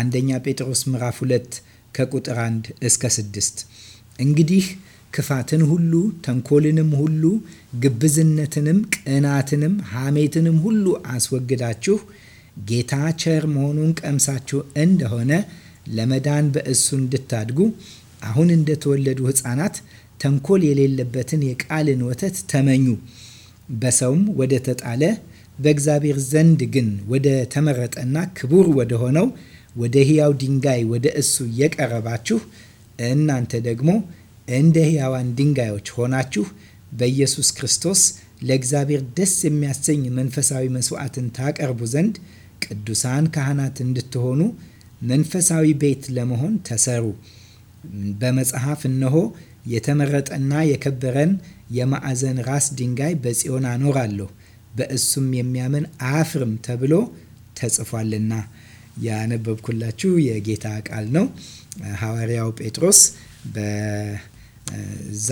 አንደኛ ጴጥሮስ ምዕራፍ 2 ከቁጥር 1 እስከ 6 እንግዲህ ክፋትን ሁሉ ተንኮልንም ሁሉ ግብዝነትንም ቅናትንም ሐሜትንም ሁሉ አስወግዳችሁ ጌታ ቸር መሆኑን ቀምሳችሁ እንደሆነ ለመዳን በእሱ እንድታድጉ አሁን እንደተወለዱ ሕፃናት ተንኮል የሌለበትን የቃልን ወተት ተመኙ። በሰውም ወደ ተጣለ በእግዚአብሔር ዘንድ ግን ወደ ተመረጠና ክቡር ወደ ሆነው ወደ ሕያው ድንጋይ ወደ እሱ እየቀረባችሁ እናንተ ደግሞ እንደ ሕያዋን ድንጋዮች ሆናችሁ በኢየሱስ ክርስቶስ ለእግዚአብሔር ደስ የሚያሰኝ መንፈሳዊ መስዋዕትን ታቀርቡ ዘንድ ቅዱሳን ካህናት እንድትሆኑ መንፈሳዊ ቤት ለመሆን ተሰሩ። በመጽሐፍ እነሆ የተመረጠና የከበረን የማዕዘን ራስ ድንጋይ በጽዮን አኖራለሁ፣ በእሱም የሚያምን አያፍርም ተብሎ ተጽፏልና ያነበብኩላችሁ የጌታ ቃል ነው። ሐዋርያው ጴጥሮስ በዛ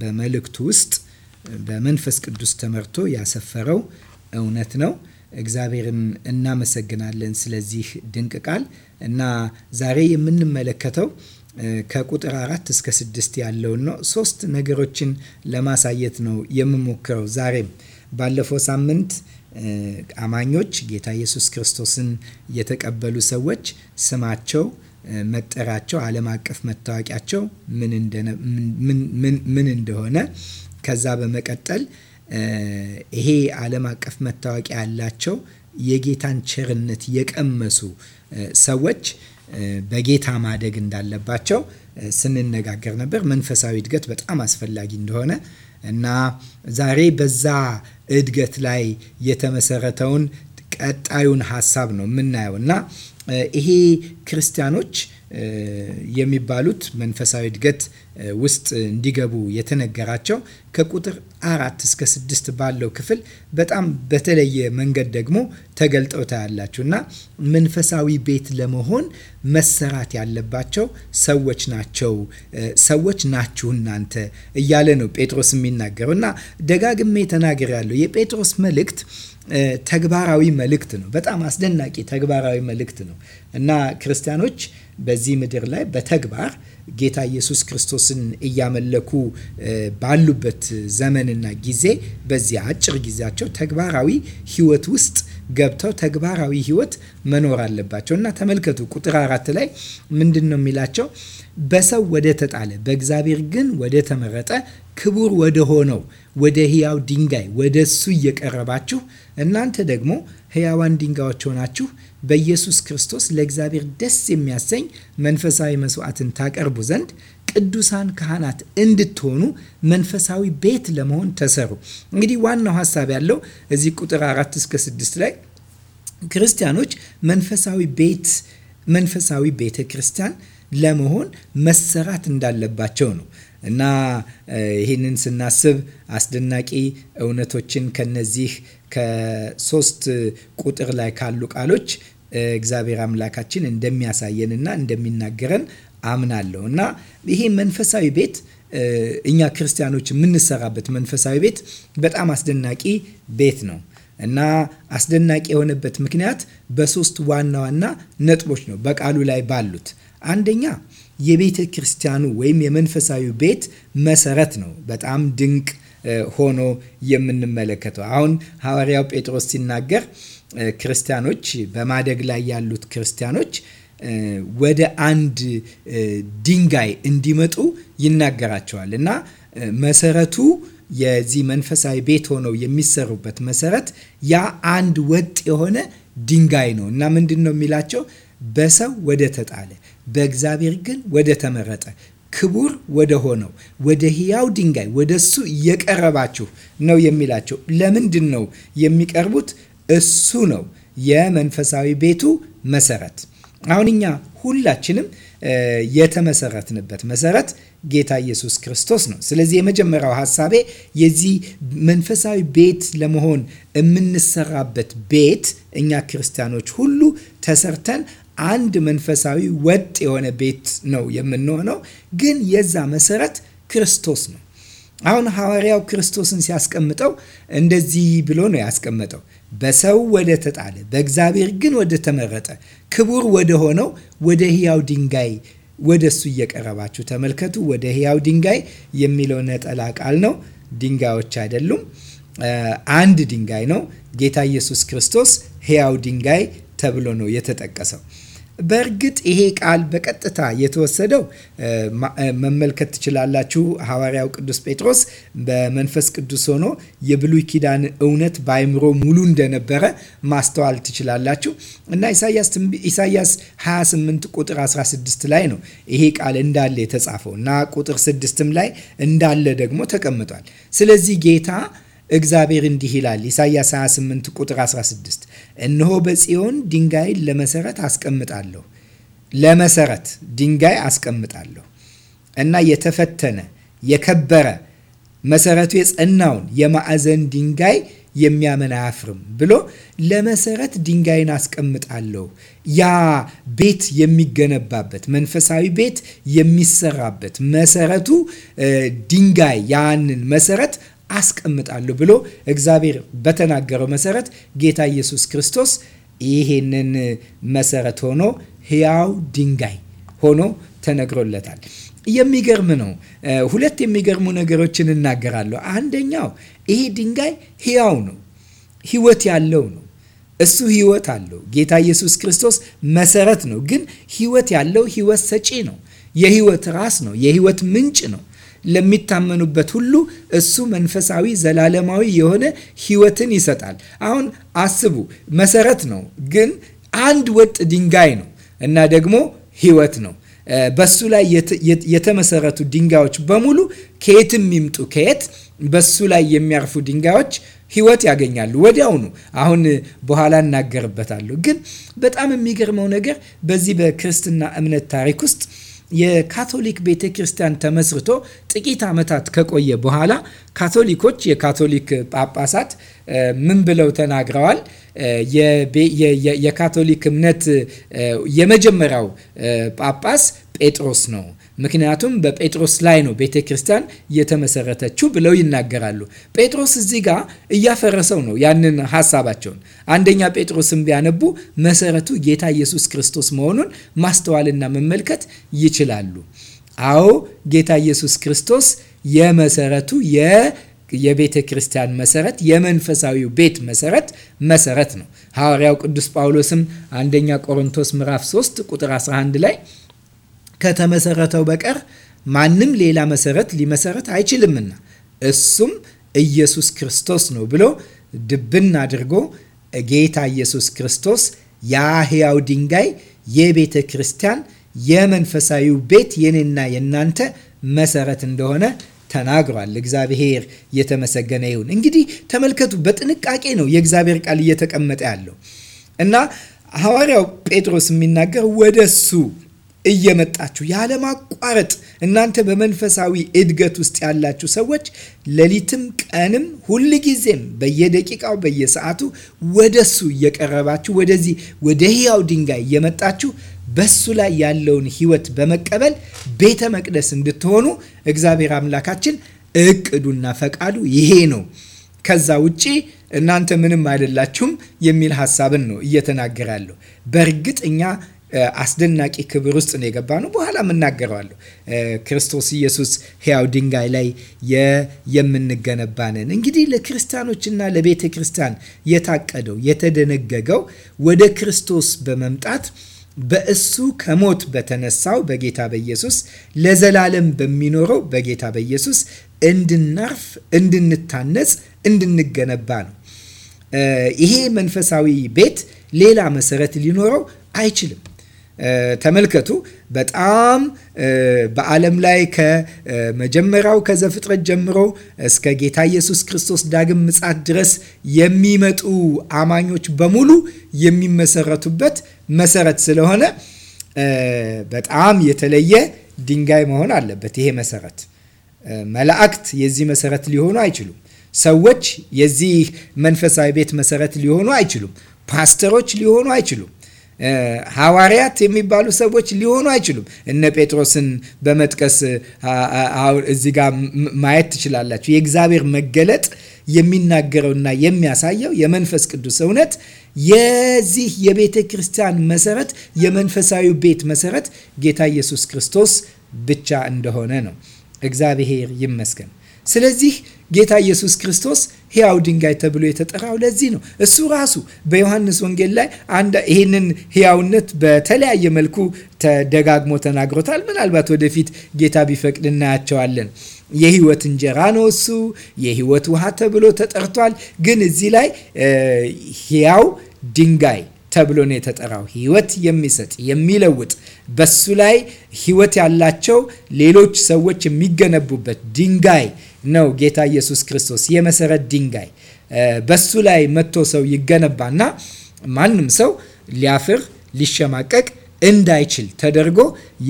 በመልእክቱ ውስጥ በመንፈስ ቅዱስ ተመርቶ ያሰፈረው እውነት ነው። እግዚአብሔርን እናመሰግናለን ስለዚህ ድንቅ ቃል እና ዛሬ የምንመለከተው ከቁጥር አራት እስከ ስድስት ያለውን ነው። ሶስት ነገሮችን ለማሳየት ነው የምሞክረው ዛሬም ባለፈው ሳምንት አማኞች ጌታ ኢየሱስ ክርስቶስን የተቀበሉ ሰዎች ስማቸው፣ መጠራቸው፣ ዓለም አቀፍ መታወቂያቸው ምን እንደሆነ ከዛ በመቀጠል ይሄ ዓለም አቀፍ መታወቂያ ያላቸው የጌታን ቸርነት የቀመሱ ሰዎች በጌታ ማደግ እንዳለባቸው ስንነጋገር ነበር። መንፈሳዊ እድገት በጣም አስፈላጊ እንደሆነ እና ዛሬ በዛ እድገት ላይ የተመሰረተውን ቀጣዩን ሀሳብ ነው የምናየው እና ይሄ ክርስቲያኖች የሚባሉት መንፈሳዊ እድገት ውስጥ እንዲገቡ የተነገራቸው ከቁጥር አራት እስከ ስድስት ባለው ክፍል በጣም በተለየ መንገድ ደግሞ ተገልጠው ታያላችሁ እና መንፈሳዊ ቤት ለመሆን መሰራት ያለባቸው ሰዎች ናቸው ሰዎች ናችሁ እናንተ እያለ ነው ጴጥሮስ የሚናገረው እና ደጋግሜ ያለው የጴጥሮስ መልእክት ተግባራዊ መልእክት ነው። በጣም አስደናቂ ተግባራዊ መልእክት ነው እና ክርስቲያኖች በዚህ ምድር ላይ በተግባር ጌታ ኢየሱስ ክርስቶስን እያመለኩ ባሉበት ዘመንና ጊዜ በዚህ አጭር ጊዜያቸው ተግባራዊ ሕይወት ውስጥ ገብተው ተግባራዊ ሕይወት መኖር አለባቸው እና ተመልከቱ ቁጥር አራት ላይ ምንድን ነው የሚላቸው? በሰው ወደ ተጣለ በእግዚአብሔር ግን ወደ ተመረጠ ክቡር ወደ ሆነው ወደ ሕያው ድንጋይ ወደ እሱ እየቀረባችሁ እናንተ ደግሞ ሕያዋን ድንጋዮች ሆናችሁ በኢየሱስ ክርስቶስ ለእግዚአብሔር ደስ የሚያሰኝ መንፈሳዊ መስዋዕትን ታቀርቡ ዘንድ ቅዱሳን ካህናት እንድትሆኑ መንፈሳዊ ቤት ለመሆን ተሰሩ። እንግዲህ ዋናው ሀሳብ ያለው እዚህ ቁጥር አራት እስከ ስድስት ላይ ክርስቲያኖች መንፈሳዊ ቤት መንፈሳዊ ቤተ ክርስቲያን ለመሆን መሰራት እንዳለባቸው ነው እና ይህንን ስናስብ አስደናቂ እውነቶችን ከነዚህ ከሶስት ቁጥር ላይ ካሉ ቃሎች እግዚአብሔር አምላካችን እንደሚያሳየንና እንደሚናገረን አምናለሁ እና ይሄ መንፈሳዊ ቤት እኛ ክርስቲያኖች የምንሰራበት መንፈሳዊ ቤት በጣም አስደናቂ ቤት ነው እና አስደናቂ የሆነበት ምክንያት በሶስት ዋና ዋና ነጥቦች ነው በቃሉ ላይ ባሉት አንደኛ የቤተ ክርስቲያኑ ወይም የመንፈሳዊ ቤት መሰረት ነው በጣም ድንቅ ሆኖ የምንመለከተው አሁን ሐዋርያው ጴጥሮስ ሲናገር ክርስቲያኖች በማደግ ላይ ያሉት ክርስቲያኖች ወደ አንድ ድንጋይ እንዲመጡ ይናገራቸዋል እና መሰረቱ የዚህ መንፈሳዊ ቤት ሆነው የሚሰሩበት መሰረት ያ አንድ ወጥ የሆነ ድንጋይ ነው እና ምንድን ነው የሚላቸው? በሰው ወደ ተጣለ በእግዚአብሔር ግን ወደ ተመረጠ ክቡር ወደ ሆነው ወደ ሕያው ድንጋይ ወደ እሱ እየቀረባችሁ ነው የሚላቸው። ለምንድን ነው የሚቀርቡት? እሱ ነው የመንፈሳዊ ቤቱ መሰረት። አሁን እኛ ሁላችንም የተመሰረትንበት መሰረት ጌታ ኢየሱስ ክርስቶስ ነው። ስለዚህ የመጀመሪያው ሀሳቤ የዚህ መንፈሳዊ ቤት ለመሆን የምንሰራበት ቤት እኛ ክርስቲያኖች ሁሉ ተሰርተን አንድ መንፈሳዊ ወጥ የሆነ ቤት ነው የምንሆነው። ግን የዛ መሰረት ክርስቶስ ነው። አሁን ሐዋርያው ክርስቶስን ሲያስቀምጠው እንደዚህ ብሎ ነው ያስቀመጠው። በሰው ወደ ተጣለ በእግዚአብሔር ግን ወደ ተመረጠ ክቡር ወደ ሆነው ወደ ሕያው ድንጋይ ወደ እሱ እየቀረባችሁ ተመልከቱ። ወደ ሕያው ድንጋይ የሚለው ነጠላ ቃል ነው። ድንጋዮች አይደሉም፣ አንድ ድንጋይ ነው። ጌታ ኢየሱስ ክርስቶስ ሕያው ድንጋይ ተብሎ ነው የተጠቀሰው። በእርግጥ ይሄ ቃል በቀጥታ የተወሰደው መመልከት ትችላላችሁ። ሐዋርያው ቅዱስ ጴጥሮስ በመንፈስ ቅዱስ ሆኖ የብሉይ ኪዳን እውነት በአይምሮ ሙሉ እንደነበረ ማስተዋል ትችላላችሁ እና ኢሳያስ 28 ቁጥር 16 ላይ ነው ይሄ ቃል እንዳለ የተጻፈው እና ቁጥር ስድስትም ላይ እንዳለ ደግሞ ተቀምጧል። ስለዚህ ጌታ እግዚአብሔር እንዲህ ይላል ኢሳይያስ 28 ቁጥር 16 እነሆ በጽዮን ድንጋይ ለመሰረት አስቀምጣለሁ ለመሰረት ድንጋይ አስቀምጣለሁ እና የተፈተነ የከበረ መሰረቱ የጸናውን የማዕዘን ድንጋይ የሚያምን አያፍርም ብሎ ለመሰረት ድንጋይን አስቀምጣለሁ። ያ ቤት የሚገነባበት መንፈሳዊ ቤት የሚሰራበት መሰረቱ ድንጋይ ያንን መሰረት አስቀምጣለሁ ብሎ እግዚአብሔር በተናገረው መሰረት ጌታ ኢየሱስ ክርስቶስ ይሄንን መሰረት ሆኖ ሕያው ድንጋይ ሆኖ ተነግሮለታል። የሚገርም ነው። ሁለት የሚገርሙ ነገሮችን እናገራለሁ። አንደኛው ይሄ ድንጋይ ሕያው ነው፣ ሕይወት ያለው ነው። እሱ ሕይወት አለው። ጌታ ኢየሱስ ክርስቶስ መሰረት ነው፣ ግን ሕይወት ያለው ሕይወት ሰጪ ነው። የሕይወት ራስ ነው። የሕይወት ምንጭ ነው። ለሚታመኑበት ሁሉ እሱ መንፈሳዊ ዘላለማዊ የሆነ ህይወትን ይሰጣል። አሁን አስቡ፣ መሰረት ነው፣ ግን አንድ ወጥ ድንጋይ ነው እና ደግሞ ህይወት ነው። በሱ ላይ የተመሰረቱ ድንጋዮች በሙሉ ከየትም ይምጡ ከየት በሱ ላይ የሚያርፉ ድንጋዮች ህይወት ያገኛሉ ወዲያውኑ። አሁን በኋላ እናገርበታለሁ። ግን በጣም የሚገርመው ነገር በዚህ በክርስትና እምነት ታሪክ ውስጥ የካቶሊክ ቤተ ክርስቲያን ተመስርቶ ጥቂት ዓመታት ከቆየ በኋላ ካቶሊኮች የካቶሊክ ጳጳሳት ምን ብለው ተናግረዋል? የካቶሊክ እምነት የመጀመሪያው ጳጳስ ጴጥሮስ ነው። ምክንያቱም በጴጥሮስ ላይ ነው ቤተ ክርስቲያን እየተመሰረተችው ብለው ይናገራሉ። ጴጥሮስ እዚህ ጋር እያፈረሰው ነው ያንን ሀሳባቸውን። አንደኛ ጴጥሮስን ቢያነቡ መሰረቱ ጌታ ኢየሱስ ክርስቶስ መሆኑን ማስተዋልና መመልከት ይችላሉ። አዎ ጌታ ኢየሱስ ክርስቶስ የመሰረቱ የቤተ ክርስቲያን መሰረት የመንፈሳዊው ቤት መሰረት መሰረት ነው። ሐዋርያው ቅዱስ ጳውሎስም አንደኛ ቆሮንቶስ ምዕራፍ 3 ቁጥር 11 ላይ ከተመሰረተው በቀር ማንም ሌላ መሰረት ሊመሰረት አይችልምና እሱም ኢየሱስ ክርስቶስ ነው ብሎ ድብን አድርጎ ጌታ ኢየሱስ ክርስቶስ ያ ሕያው ድንጋይ የቤተ ክርስቲያን የመንፈሳዊው ቤት የኔና የእናንተ መሰረት እንደሆነ ተናግሯል። እግዚአብሔር የተመሰገነ ይሁን። እንግዲህ ተመልከቱ፣ በጥንቃቄ ነው የእግዚአብሔር ቃል እየተቀመጠ ያለው እና ሐዋርያው ጴጥሮስ የሚናገር ወደ እየመጣችሁ ያለማቋረጥ እናንተ በመንፈሳዊ እድገት ውስጥ ያላችሁ ሰዎች ሌሊትም ቀንም ሁልጊዜም ጊዜም በየደቂቃው በየሰዓቱ ወደሱ እየቀረባችሁ ወደዚህ ወደ ህያው ድንጋይ እየመጣችሁ በሱ ላይ ያለውን ህይወት በመቀበል ቤተ መቅደስ እንድትሆኑ እግዚአብሔር አምላካችን እቅዱና ፈቃዱ ይሄ ነው። ከዛ ውጪ እናንተ ምንም አይደላችሁም የሚል ሀሳብን ነው እየተናገራለሁ። በእርግጥ እኛ አስደናቂ ክብር ውስጥ ነው የገባ ነው። በኋላ የምናገረዋለሁ። ክርስቶስ ኢየሱስ ሕያው ድንጋይ ላይ የምንገነባንን እንግዲህ ለክርስቲያኖችና ለቤተ ክርስቲያን የታቀደው የተደነገገው ወደ ክርስቶስ በመምጣት በእሱ ከሞት በተነሳው በጌታ በኢየሱስ ለዘላለም በሚኖረው በጌታ በኢየሱስ እንድናርፍ፣ እንድንታነጽ፣ እንድንገነባ ነው። ይሄ መንፈሳዊ ቤት ሌላ መሰረት ሊኖረው አይችልም። ተመልከቱ። በጣም በዓለም ላይ ከመጀመሪያው ከዘፍጥረት ጀምሮ እስከ ጌታ ኢየሱስ ክርስቶስ ዳግም ምጻት ድረስ የሚመጡ አማኞች በሙሉ የሚመሰረቱበት መሰረት ስለሆነ በጣም የተለየ ድንጋይ መሆን አለበት። ይሄ መሰረት መላእክት የዚህ መሰረት ሊሆኑ አይችሉም። ሰዎች የዚህ መንፈሳዊ ቤት መሰረት ሊሆኑ አይችሉም። ፓስተሮች ሊሆኑ አይችሉም። ሐዋርያት የሚባሉ ሰዎች ሊሆኑ አይችሉም። እነ ጴጥሮስን በመጥቀስ እዚህ ጋር ማየት ትችላላችሁ። የእግዚአብሔር መገለጥ የሚናገረውና የሚያሳየው የመንፈስ ቅዱስ እውነት የዚህ የቤተ ክርስቲያን መሰረት የመንፈሳዊ ቤት መሰረት ጌታ ኢየሱስ ክርስቶስ ብቻ እንደሆነ ነው። እግዚአብሔር ይመስገን። ስለዚህ ጌታ ኢየሱስ ክርስቶስ ሕያው ድንጋይ ተብሎ የተጠራው ለዚህ ነው። እሱ ራሱ በዮሐንስ ወንጌል ላይ ይህንን ሕያውነት በተለያየ መልኩ ተደጋግሞ ተናግሮታል። ምናልባት ወደፊት ጌታ ቢፈቅድ እናያቸዋለን። የህይወት እንጀራ ነው እሱ። የህይወት ውሃ ተብሎ ተጠርቷል። ግን እዚህ ላይ ሕያው ድንጋይ ተብሎ ነው የተጠራው። ህይወት የሚሰጥ የሚለውጥ፣ በሱ ላይ ህይወት ያላቸው ሌሎች ሰዎች የሚገነቡበት ድንጋይ ነው ጌታ ኢየሱስ ክርስቶስ የመሰረት ድንጋይ በሱ ላይ መጥቶ ሰው ይገነባና ማንም ሰው ሊያፍር ሊሸማቀቅ እንዳይችል ተደርጎ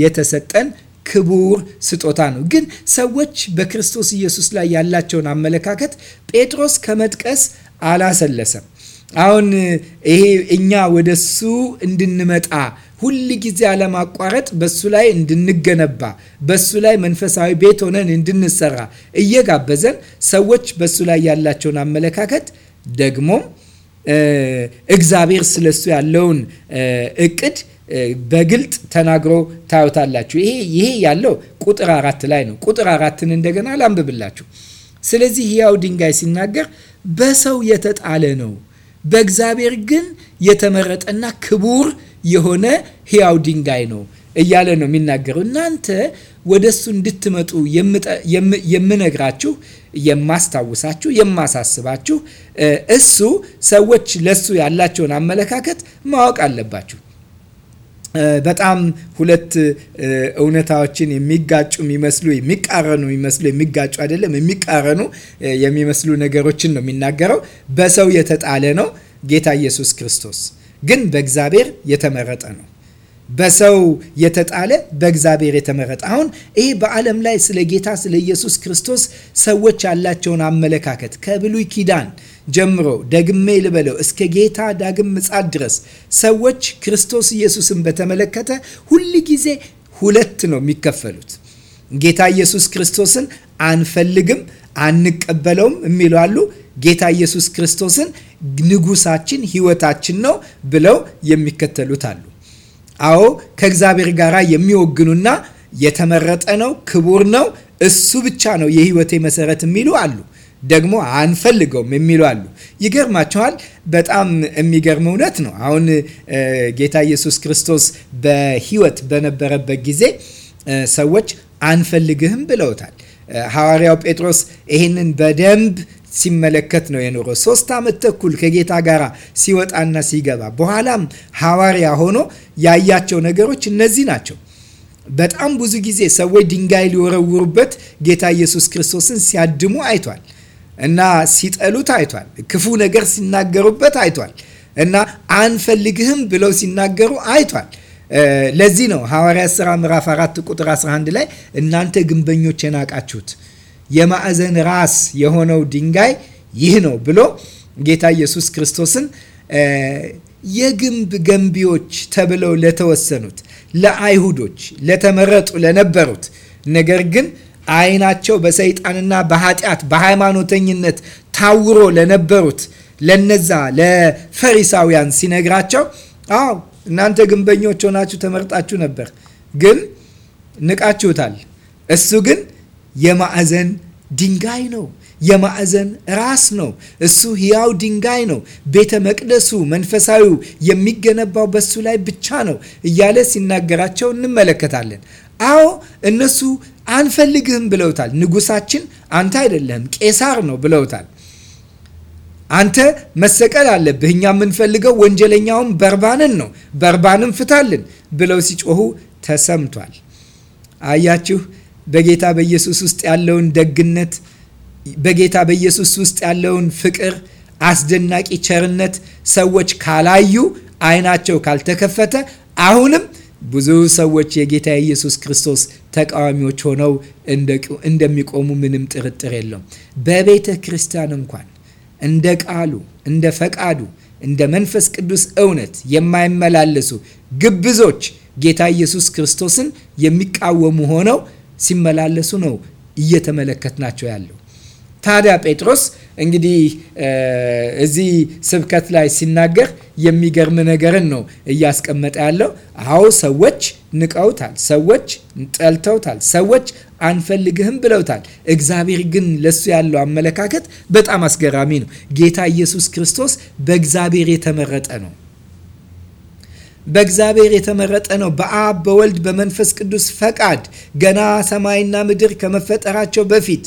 የተሰጠን ክቡር ስጦታ ነው። ግን ሰዎች በክርስቶስ ኢየሱስ ላይ ያላቸውን አመለካከት ጴጥሮስ ከመጥቀስ አላሰለሰም። አሁን ይሄ እኛ ወደ እሱ እንድንመጣ ሁል ጊዜ አለማቋረጥ በሱ ላይ እንድንገነባ በሱ ላይ መንፈሳዊ ቤት ሆነን እንድንሰራ እየጋበዘን ሰዎች በሱ ላይ ያላቸውን አመለካከት ደግሞም እግዚአብሔር ስለሱ ያለውን እቅድ በግልጥ ተናግሮ ታዩታላችሁ። ይሄ ይሄ ያለው ቁጥር አራት ላይ ነው። ቁጥር አራትን እንደገና ላንብብላችሁ። ስለዚህ ሕያው ድንጋይ ሲናገር በሰው የተጣለ ነው በእግዚአብሔር ግን የተመረጠና ክቡር የሆነ ሕያው ድንጋይ ነው እያለ ነው የሚናገረው። እናንተ ወደ እሱ እንድትመጡ የምነግራችሁ፣ የማስታውሳችሁ፣ የማሳስባችሁ እሱ ሰዎች ለእሱ ያላቸውን አመለካከት ማወቅ አለባችሁ። በጣም ሁለት እውነታዎችን የሚጋጩ የሚመስሉ የሚቃረኑ የሚመስሉ የሚጋጩ አይደለም የሚቃረኑ የሚመስሉ ነገሮችን ነው የሚናገረው። በሰው የተጣለ ነው ጌታ ኢየሱስ ክርስቶስ ግን በእግዚአብሔር የተመረጠ ነው። በሰው የተጣለ በእግዚአብሔር የተመረጠ። አሁን ይህ በዓለም ላይ ስለ ጌታ ስለ ኢየሱስ ክርስቶስ ሰዎች ያላቸውን አመለካከት ከብሉይ ኪዳን ጀምሮ ደግሜ ልበለው እስከ ጌታ ዳግም ምጻት ድረስ ሰዎች ክርስቶስ ኢየሱስን በተመለከተ ሁል ጊዜ ሁለት ነው የሚከፈሉት። ጌታ ኢየሱስ ክርስቶስን አንፈልግም፣ አንቀበለውም የሚሉ አሉ። ጌታ ኢየሱስ ክርስቶስን ንጉሳችን፣ ህይወታችን ነው ብለው የሚከተሉት አሉ። አዎ ከእግዚአብሔር ጋር የሚወግኑና የተመረጠ ነው፣ ክቡር ነው፣ እሱ ብቻ ነው የህይወቴ መሰረት የሚሉ አሉ። ደግሞ አንፈልገውም የሚሉ አሉ። ይገርማቸዋል። በጣም የሚገርም እውነት ነው። አሁን ጌታ ኢየሱስ ክርስቶስ በሕይወት በነበረበት ጊዜ ሰዎች አንፈልግህም ብለውታል። ሐዋርያው ጴጥሮስ ይህንን በደንብ ሲመለከት ነው የኖረ ሶስት ዓመት ተኩል ከጌታ ጋር ሲወጣና ሲገባ በኋላም ሐዋርያ ሆኖ ያያቸው ነገሮች እነዚህ ናቸው። በጣም ብዙ ጊዜ ሰዎች ድንጋይ ሊወረውሩበት ጌታ ኢየሱስ ክርስቶስን ሲያድሙ አይቷል። እና ሲጠሉት አይቷል። ክፉ ነገር ሲናገሩበት አይቷል። እና አንፈልግህም ብለው ሲናገሩ አይቷል። ለዚህ ነው ሐዋርያት ሥራ ምዕራፍ 4 ቁጥር 11 ላይ እናንተ ግንበኞች የናቃችሁት የማዕዘን ራስ የሆነው ድንጋይ ይህ ነው ብሎ ጌታ ኢየሱስ ክርስቶስን የግንብ ገንቢዎች ተብለው ለተወሰኑት ለአይሁዶች ለተመረጡ ለነበሩት ነገር ግን አይናቸው በሰይጣንና በኃጢአት በሃይማኖተኝነት ታውሮ ለነበሩት ለነዛ ለፈሪሳውያን ሲነግራቸው፣ አዎ እናንተ ግንበኞች ሆናችሁ ተመርጣችሁ ነበር፣ ግን ንቃችሁታል። እሱ ግን የማዕዘን ድንጋይ ነው፣ የማዕዘን ራስ ነው። እሱ ሕያው ድንጋይ ነው። ቤተ መቅደሱ መንፈሳዊው የሚገነባው በሱ ላይ ብቻ ነው እያለ ሲናገራቸው እንመለከታለን። አዎ እነሱ አንፈልግህም ብለውታል። ንጉሳችን አንተ አይደለህም ቄሳር ነው ብለውታል። አንተ መሰቀል አለብህ። እኛ የምንፈልገው ወንጀለኛውን በርባንን ነው፣ በርባንን ፍታልን ብለው ሲጮሁ ተሰምቷል። አያችሁ በጌታ በኢየሱስ ውስጥ ያለውን ደግነት፣ በጌታ በኢየሱስ ውስጥ ያለውን ፍቅር፣ አስደናቂ ቸርነት ሰዎች ካላዩ፣ አይናቸው ካልተከፈተ አሁንም ብዙ ሰዎች የጌታ የኢየሱስ ክርስቶስ ተቃዋሚዎች ሆነው እንደሚቆሙ ምንም ጥርጥር የለውም። በቤተ ክርስቲያን እንኳን እንደ ቃሉ፣ እንደ ፈቃዱ፣ እንደ መንፈስ ቅዱስ እውነት የማይመላለሱ ግብዞች ጌታ ኢየሱስ ክርስቶስን የሚቃወሙ ሆነው ሲመላለሱ ነው እየተመለከትናቸው ያለው። ታዲያ ጴጥሮስ እንግዲህ እዚህ ስብከት ላይ ሲናገር የሚገርም ነገርን ነው እያስቀመጠ ያለው። አዎ ሰዎች ንቀውታል፣ ሰዎች ጠልተውታል፣ ሰዎች አንፈልግህም ብለውታል። እግዚአብሔር ግን ለሱ ያለው አመለካከት በጣም አስገራሚ ነው። ጌታ ኢየሱስ ክርስቶስ በእግዚአብሔር የተመረጠ ነው በእግዚአብሔር የተመረጠ ነው። በአብ በወልድ በመንፈስ ቅዱስ ፈቃድ ገና ሰማይና ምድር ከመፈጠራቸው በፊት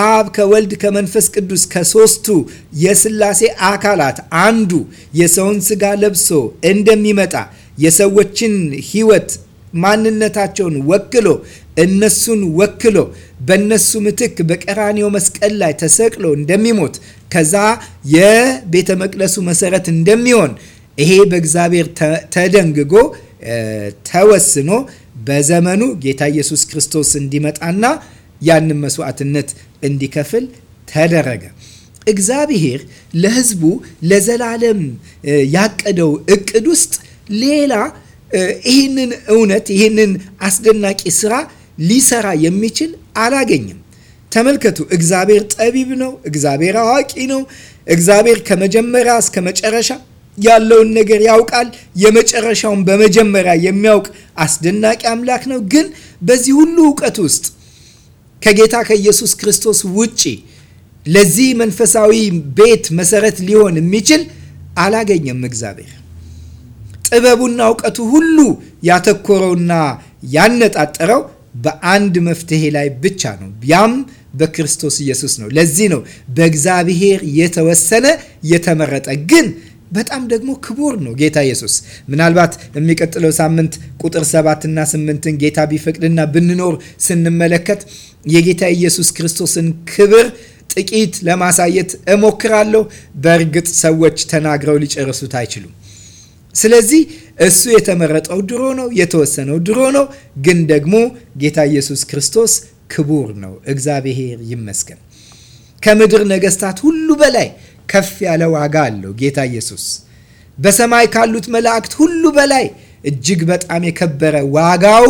አብ ከወልድ ከመንፈስ ቅዱስ ከሶስቱ የስላሴ አካላት አንዱ የሰውን ስጋ ለብሶ እንደሚመጣ የሰዎችን ሕይወት ማንነታቸውን ወክሎ እነሱን ወክሎ በእነሱ ምትክ በቀራኔው መስቀል ላይ ተሰቅሎ እንደሚሞት ከዛ የቤተ መቅደሱ መሰረት እንደሚሆን ይሄ በእግዚአብሔር ተደንግጎ ተወስኖ በዘመኑ ጌታ ኢየሱስ ክርስቶስ እንዲመጣና ያንን መስዋዕትነት እንዲከፍል ተደረገ። እግዚአብሔር ለሕዝቡ ለዘላለም ያቀደው እቅድ ውስጥ ሌላ ይህንን እውነት ይህንን አስደናቂ ስራ ሊሰራ የሚችል አላገኝም። ተመልከቱ፣ እግዚአብሔር ጠቢብ ነው። እግዚአብሔር አዋቂ ነው። እግዚአብሔር ከመጀመሪያ እስከ መጨረሻ ያለውን ነገር ያውቃል። የመጨረሻውን በመጀመሪያ የሚያውቅ አስደናቂ አምላክ ነው። ግን በዚህ ሁሉ እውቀት ውስጥ ከጌታ ከኢየሱስ ክርስቶስ ውጪ ለዚህ መንፈሳዊ ቤት መሰረት ሊሆን የሚችል አላገኘም። እግዚአብሔር ጥበቡና እውቀቱ ሁሉ ያተኮረውና ያነጣጠረው በአንድ መፍትሄ ላይ ብቻ ነው። ያም በክርስቶስ ኢየሱስ ነው። ለዚህ ነው በእግዚአብሔር የተወሰነ የተመረጠ ግን በጣም ደግሞ ክቡር ነው ጌታ ኢየሱስ። ምናልባት የሚቀጥለው ሳምንት ቁጥር ሰባትና ስምንትን ጌታ ቢፈቅድና ብንኖር ስንመለከት የጌታ ኢየሱስ ክርስቶስን ክብር ጥቂት ለማሳየት እሞክራለሁ። በእርግጥ ሰዎች ተናግረው ሊጨርሱት አይችሉም። ስለዚህ እሱ የተመረጠው ድሮ ነው፣ የተወሰነው ድሮ ነው። ግን ደግሞ ጌታ ኢየሱስ ክርስቶስ ክቡር ነው። እግዚአብሔር ይመስገን። ከምድር ነገስታት ሁሉ በላይ ከፍ ያለ ዋጋ አለው ጌታ ኢየሱስ። በሰማይ ካሉት መላእክት ሁሉ በላይ እጅግ በጣም የከበረ ዋጋው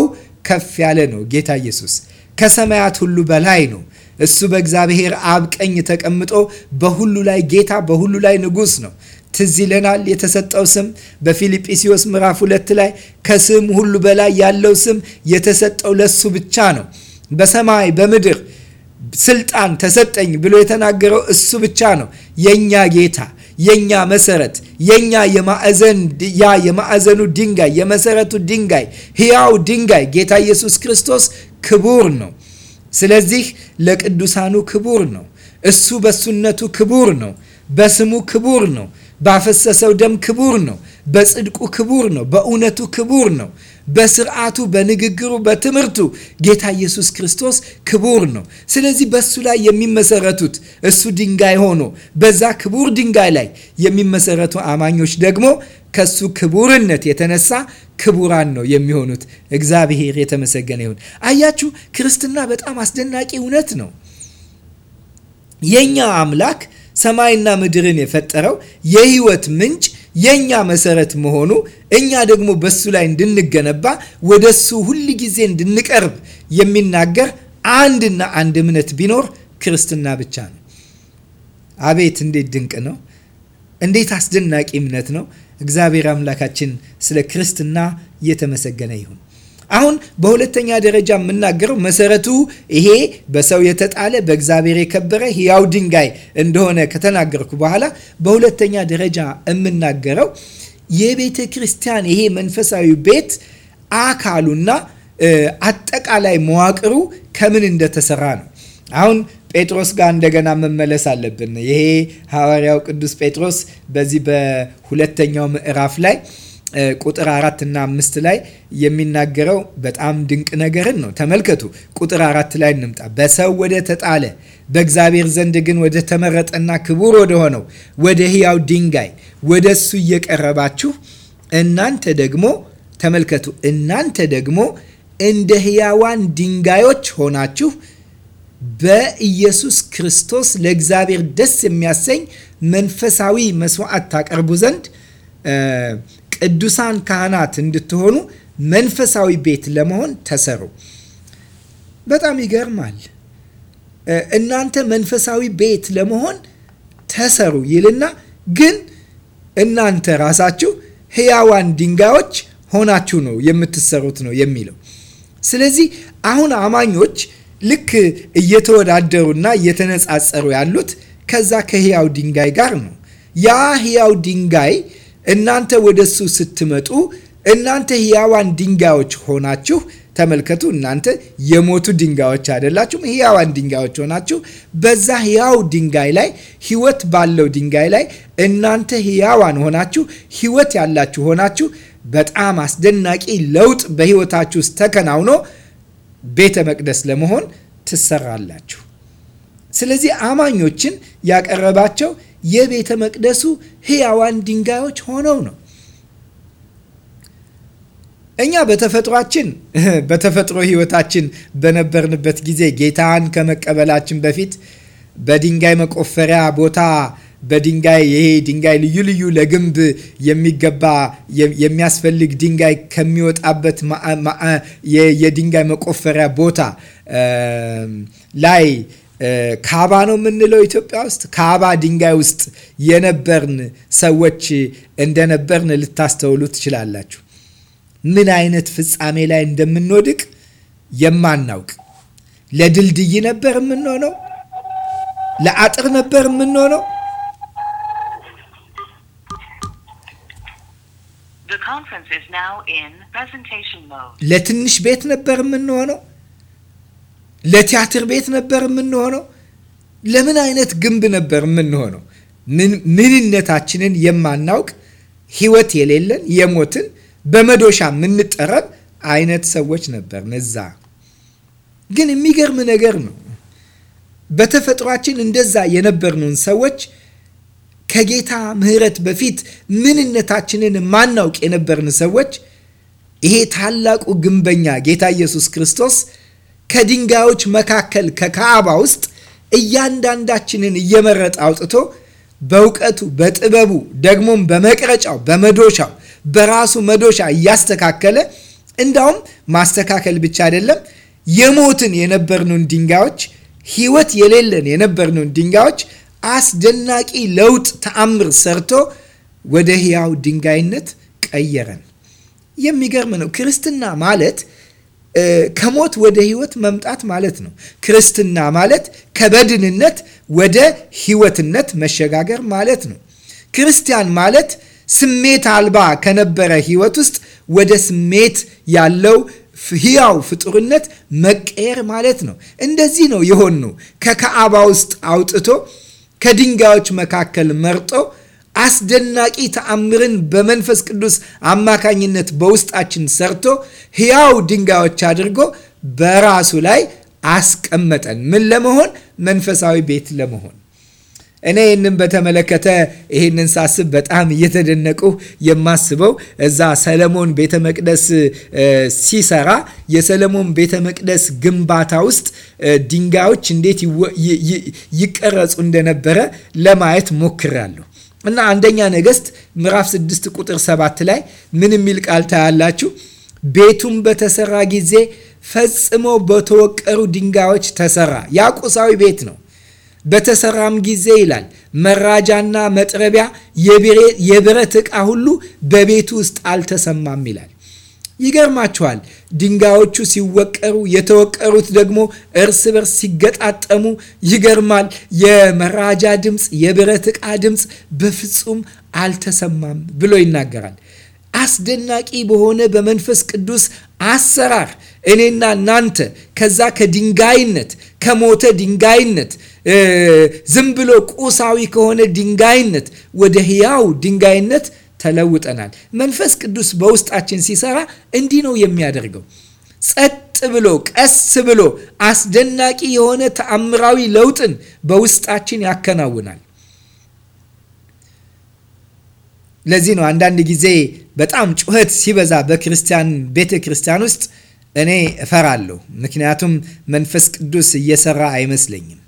ከፍ ያለ ነው ጌታ ኢየሱስ። ከሰማያት ሁሉ በላይ ነው። እሱ በእግዚአብሔር አብ ቀኝ ተቀምጦ በሁሉ ላይ ጌታ፣ በሁሉ ላይ ንጉሥ ነው። ትዝ ይለናል የተሰጠው ስም በፊልጵስዩስ ምዕራፍ ሁለት ላይ ከስም ሁሉ በላይ ያለው ስም የተሰጠው ለሱ ብቻ ነው። በሰማይ በምድር ስልጣን ተሰጠኝ ብሎ የተናገረው እሱ ብቻ ነው። የእኛ ጌታ የኛ መሰረት የእኛ የማዕዘን ያ የማዕዘኑ ድንጋይ የመሰረቱ ድንጋይ ሕያው ድንጋይ ጌታ ኢየሱስ ክርስቶስ ክቡር ነው። ስለዚህ ለቅዱሳኑ ክቡር ነው። እሱ በሱነቱ ክቡር ነው። በስሙ ክቡር ነው። ባፈሰሰው ደም ክቡር ነው። በጽድቁ ክቡር ነው። በእውነቱ ክቡር ነው። በስርዓቱ፣ በንግግሩ፣ በትምህርቱ ጌታ ኢየሱስ ክርስቶስ ክቡር ነው። ስለዚህ በሱ ላይ የሚመሰረቱት እሱ ድንጋይ ሆኖ በዛ ክቡር ድንጋይ ላይ የሚመሰረቱ አማኞች ደግሞ ከሱ ክቡርነት የተነሳ ክቡራን ነው የሚሆኑት። እግዚአብሔር የተመሰገነ ይሁን። አያችሁ፣ ክርስትና በጣም አስደናቂ እውነት ነው። የኛ አምላክ ሰማይና ምድርን የፈጠረው የህይወት ምንጭ የእኛ መሰረት መሆኑ እኛ ደግሞ በሱ ላይ እንድንገነባ ወደሱ ሁል ጊዜ እንድንቀርብ የሚናገር አንድና አንድ እምነት ቢኖር ክርስትና ብቻ ነው። አቤት! እንዴት ድንቅ ነው! እንዴት አስደናቂ እምነት ነው! እግዚአብሔር አምላካችን ስለ ክርስትና እየተመሰገነ ይሁን። አሁን በሁለተኛ ደረጃ የምናገረው መሰረቱ ይሄ በሰው የተጣለ በእግዚአብሔር የከበረ ሕያው ድንጋይ እንደሆነ ከተናገርኩ በኋላ በሁለተኛ ደረጃ የምናገረው የቤተ ክርስቲያን ይሄ መንፈሳዊ ቤት አካሉና አጠቃላይ መዋቅሩ ከምን እንደተሰራ ነው። አሁን ጴጥሮስ ጋር እንደገና መመለስ አለብን። ይሄ ሐዋርያው ቅዱስ ጴጥሮስ በዚህ በሁለተኛው ምዕራፍ ላይ ቁጥር አራት እና አምስት ላይ የሚናገረው በጣም ድንቅ ነገርን ነው። ተመልከቱ። ቁጥር አራት ላይ እንምጣ። በሰው ወደ ተጣለ በእግዚአብሔር ዘንድ ግን ወደ ተመረጠና ክቡር ወደ ሆነው ወደ ሕያው ድንጋይ ወደ እሱ እየቀረባችሁ እናንተ ደግሞ ተመልከቱ፣ እናንተ ደግሞ እንደ ሕያዋን ድንጋዮች ሆናችሁ በኢየሱስ ክርስቶስ ለእግዚአብሔር ደስ የሚያሰኝ መንፈሳዊ መስዋዕት ታቀርቡ ዘንድ ቅዱሳን ካህናት እንድትሆኑ መንፈሳዊ ቤት ለመሆን ተሰሩ። በጣም ይገርማል። እናንተ መንፈሳዊ ቤት ለመሆን ተሰሩ ይልና ግን እናንተ ራሳችሁ ሕያዋን ድንጋዮች ሆናችሁ ነው የምትሰሩት ነው የሚለው። ስለዚህ አሁን አማኞች ልክ እየተወዳደሩና እየተነጻጸሩ ያሉት ከዛ ከህያው ድንጋይ ጋር ነው። ያ ህያው ድንጋይ እናንተ ወደሱ ስትመጡ እናንተ ህያዋን ድንጋዮች ሆናችሁ ተመልከቱ። እናንተ የሞቱ ድንጋዮች አይደላችሁም፣ ህያዋን ድንጋዮች ሆናችሁ በዛ ህያው ድንጋይ ላይ ህይወት ባለው ድንጋይ ላይ እናንተ ህያዋን ሆናችሁ ህይወት ያላችሁ ሆናችሁ በጣም አስደናቂ ለውጥ በህይወታችሁ ውስጥ ተከናውኖ ቤተ መቅደስ ለመሆን ትሰራላችሁ። ስለዚህ አማኞችን ያቀረባቸው የቤተ መቅደሱ ሕያዋን ድንጋዮች ሆነው ነው። እኛ በተፈጥሯችን በተፈጥሮ ሕይወታችን በነበርንበት ጊዜ ጌታን ከመቀበላችን በፊት በድንጋይ መቆፈሪያ ቦታ በድንጋይ ይሄ ድንጋይ ልዩ ልዩ ለግንብ የሚገባ የሚያስፈልግ ድንጋይ ከሚወጣበት የድንጋይ መቆፈሪያ ቦታ ላይ ካባ ነው የምንለው ኢትዮጵያ ውስጥ ካባ ድንጋይ ውስጥ የነበርን ሰዎች እንደነበርን ልታስተውሉ ትችላላችሁ። ምን አይነት ፍጻሜ ላይ እንደምንወድቅ የማናውቅ ለድልድይ ነበር የምንሆነው፣ ለአጥር ነበር የምንሆነው ለትንሽ ቤት ነበር የምንሆነው። ለቲያትር ቤት ነበር የምንሆነው። ለምን አይነት ግንብ ነበር የምንሆነው? ምንነታችንን የማናውቅ ህይወት የሌለን የሞትን በመዶሻ የምንጠረብ አይነት ሰዎች ነበር። ነዛ ግን የሚገርም ነገር ነው። በተፈጥሯችን እንደዛ የነበርነውን ሰዎች ከጌታ ምሕረት በፊት ምንነታችንን ማናውቅ የነበርን ሰዎች ይሄ ታላቁ ግንበኛ ጌታ ኢየሱስ ክርስቶስ ከድንጋዮች መካከል ከካዕባ ውስጥ እያንዳንዳችንን እየመረጠ አውጥቶ በእውቀቱ፣ በጥበቡ ደግሞም በመቅረጫው፣ በመዶሻው በራሱ መዶሻ እያስተካከለ እንዳውም ማስተካከል ብቻ አይደለም የሞትን የነበርነውን ድንጋዮች ሕይወት የሌለን የነበርነውን ድንጋዮች አስደናቂ ለውጥ ተአምር ሰርቶ ወደ ህያው ድንጋይነት ቀየረን። የሚገርም ነው። ክርስትና ማለት ከሞት ወደ ህይወት መምጣት ማለት ነው። ክርስትና ማለት ከበድንነት ወደ ህይወትነት መሸጋገር ማለት ነው። ክርስቲያን ማለት ስሜት አልባ ከነበረ ህይወት ውስጥ ወደ ስሜት ያለው ህያው ፍጡርነት መቀየር ማለት ነው። እንደዚህ ነው የሆነው። ከከአባ ውስጥ አውጥቶ ከድንጋዮች መካከል መርጦ አስደናቂ ተአምርን በመንፈስ ቅዱስ አማካኝነት በውስጣችን ሰርቶ ሕያው ድንጋዮች አድርጎ በራሱ ላይ አስቀመጠን። ምን ለመሆን? መንፈሳዊ ቤት ለመሆን እኔ ይህንን በተመለከተ ይህንን ሳስብ በጣም እየተደነቁ የማስበው እዛ ሰለሞን ቤተ መቅደስ ሲሰራ የሰለሞን ቤተ መቅደስ ግንባታ ውስጥ ድንጋዮች እንዴት ይቀረጹ እንደነበረ ለማየት ሞክራለሁ። እና አንደኛ ነገሥት ምዕራፍ 6 ቁጥር 7 ላይ ምን የሚል ቃል ታያላችሁ? ቤቱም በተሰራ ጊዜ ፈጽሞ በተወቀሩ ድንጋዮች ተሰራ። ያ ቁሳዊ ቤት ነው። በተሰራም ጊዜ ይላል መራጃና መጥረቢያ የብረት ዕቃ ሁሉ በቤቱ ውስጥ አልተሰማም ይላል። ይገርማችኋል። ድንጋዮቹ ሲወቀሩ የተወቀሩት ደግሞ እርስ በርስ ሲገጣጠሙ ይገርማል። የመራጃ ድምፅ፣ የብረት ዕቃ ድምፅ በፍጹም አልተሰማም ብሎ ይናገራል። አስደናቂ በሆነ በመንፈስ ቅዱስ አሰራር እኔና እናንተ ከዛ ከድንጋይነት ከሞተ ድንጋይነት ዝም ብሎ ቁሳዊ ከሆነ ድንጋይነት ወደ ህያው ድንጋይነት ተለውጠናል። መንፈስ ቅዱስ በውስጣችን ሲሰራ እንዲህ ነው የሚያደርገው። ጸጥ ብሎ ቀስ ብሎ አስደናቂ የሆነ ተአምራዊ ለውጥን በውስጣችን ያከናውናል። ለዚህ ነው አንዳንድ ጊዜ በጣም ጩኸት ሲበዛ በክርስቲያን ቤተ ክርስቲያን ውስጥ እኔ እፈራለሁ። ምክንያቱም መንፈስ ቅዱስ እየሰራ አይመስለኝም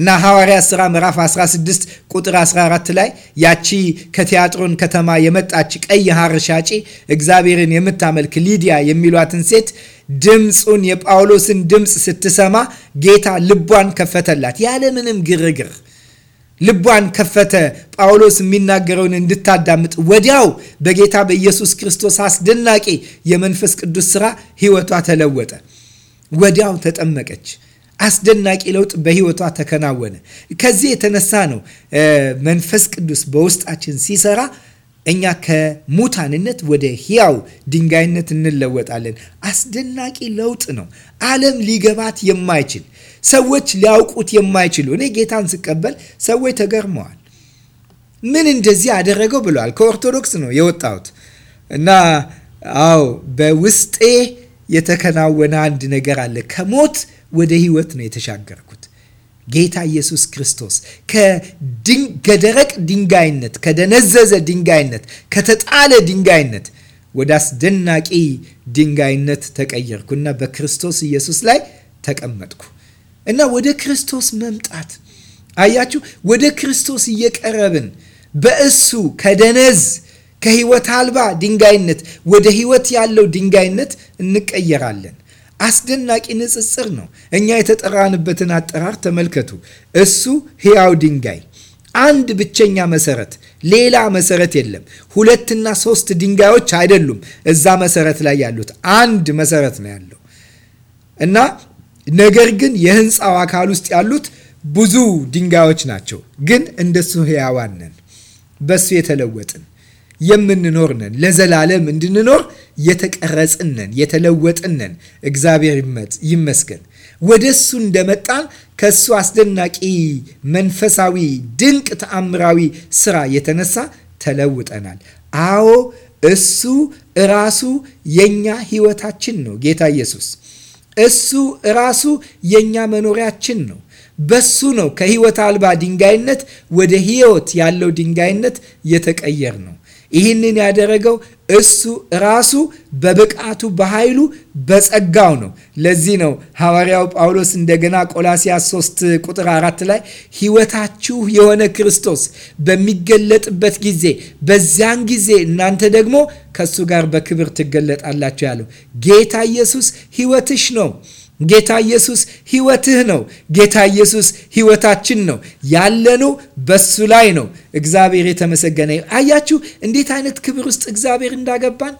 እና ሐዋርያ ሥራ ምዕራፍ 16 ቁጥር 14 ላይ ያቺ ከቲያጥሮን ከተማ የመጣች ቀይ ሐር ሻጪ እግዚአብሔርን የምታመልክ ሊዲያ የሚሏትን ሴት ድምፁን የጳውሎስን ድምፅ ስትሰማ ጌታ ልቧን ከፈተላት ያለምንም ግርግር ልቧን ከፈተ። ጳውሎስ የሚናገረውን እንድታዳምጥ ወዲያው በጌታ በኢየሱስ ክርስቶስ አስደናቂ የመንፈስ ቅዱስ ሥራ ሕይወቷ ተለወጠ። ወዲያው ተጠመቀች። አስደናቂ ለውጥ በሕይወቷ ተከናወነ። ከዚህ የተነሳ ነው መንፈስ ቅዱስ በውስጣችን ሲሰራ እኛ ከሙታንነት ወደ ሕያው ድንጋይነት እንለወጣለን። አስደናቂ ለውጥ ነው፣ ዓለም ሊገባት የማይችል ሰዎች ሊያውቁት የማይችሉ እኔ ጌታን ስቀበል ሰዎች ተገርመዋል። ምን እንደዚህ አደረገው ብለዋል። ከኦርቶዶክስ ነው የወጣሁት እና አዎ በውስጤ የተከናወነ አንድ ነገር አለ። ከሞት ወደ ህይወት ነው የተሻገርኩት። ጌታ ኢየሱስ ክርስቶስ ከደረቅ ድንጋይነት፣ ከደነዘዘ ድንጋይነት፣ ከተጣለ ድንጋይነት ወደ አስደናቂ ድንጋይነት ተቀየርኩና በክርስቶስ ኢየሱስ ላይ ተቀመጥኩ። እና ወደ ክርስቶስ መምጣት አያችሁ፣ ወደ ክርስቶስ እየቀረብን በእሱ ከደነዝ ከህይወት አልባ ድንጋይነት ወደ ህይወት ያለው ድንጋይነት እንቀየራለን። አስደናቂ ንጽጽር ነው። እኛ የተጠራንበትን አጠራር ተመልከቱ። እሱ ህያው ድንጋይ፣ አንድ ብቸኛ መሰረት፣ ሌላ መሰረት የለም። ሁለትና ሶስት ድንጋዮች አይደሉም እዛ መሰረት ላይ ያሉት፣ አንድ መሰረት ነው ያለው እና ነገር ግን የህንፃው አካል ውስጥ ያሉት ብዙ ድንጋዮች ናቸው። ግን እንደሱ ህያዋን ነን፣ በሱ የተለወጥን የምንኖር ነን። ለዘላለም እንድንኖር የተቀረጽን ነን፣ የተለወጥን ነን። እግዚአብሔር ይመስገን። ወደ እሱ እንደመጣን ከእሱ አስደናቂ መንፈሳዊ ድንቅ ተአምራዊ ስራ የተነሳ ተለውጠናል። አዎ እሱ እራሱ የኛ ህይወታችን ነው ጌታ ኢየሱስ እሱ ራሱ የእኛ መኖሪያችን ነው። በሱ ነው ከህይወት አልባ ድንጋይነት ወደ ህይወት ያለው ድንጋይነት የተቀየር ነው። ይህንን ያደረገው እሱ ራሱ በብቃቱ በኃይሉ በጸጋው ነው። ለዚህ ነው ሐዋርያው ጳውሎስ እንደገና ቆላሲያስ 3 ቁጥር 4 ላይ ሕይወታችሁ የሆነ ክርስቶስ በሚገለጥበት ጊዜ በዚያን ጊዜ እናንተ ደግሞ ከእሱ ጋር በክብር ትገለጣላችሁ ያለው ጌታ ኢየሱስ ሕይወትሽ ነው። ጌታ ኢየሱስ ሕይወትህ ነው። ጌታ ኢየሱስ ሕይወታችን ነው። ያለነው በሱ ላይ ነው። እግዚአብሔር የተመሰገነ። አያችሁ እንዴት አይነት ክብር ውስጥ እግዚአብሔር እንዳገባን።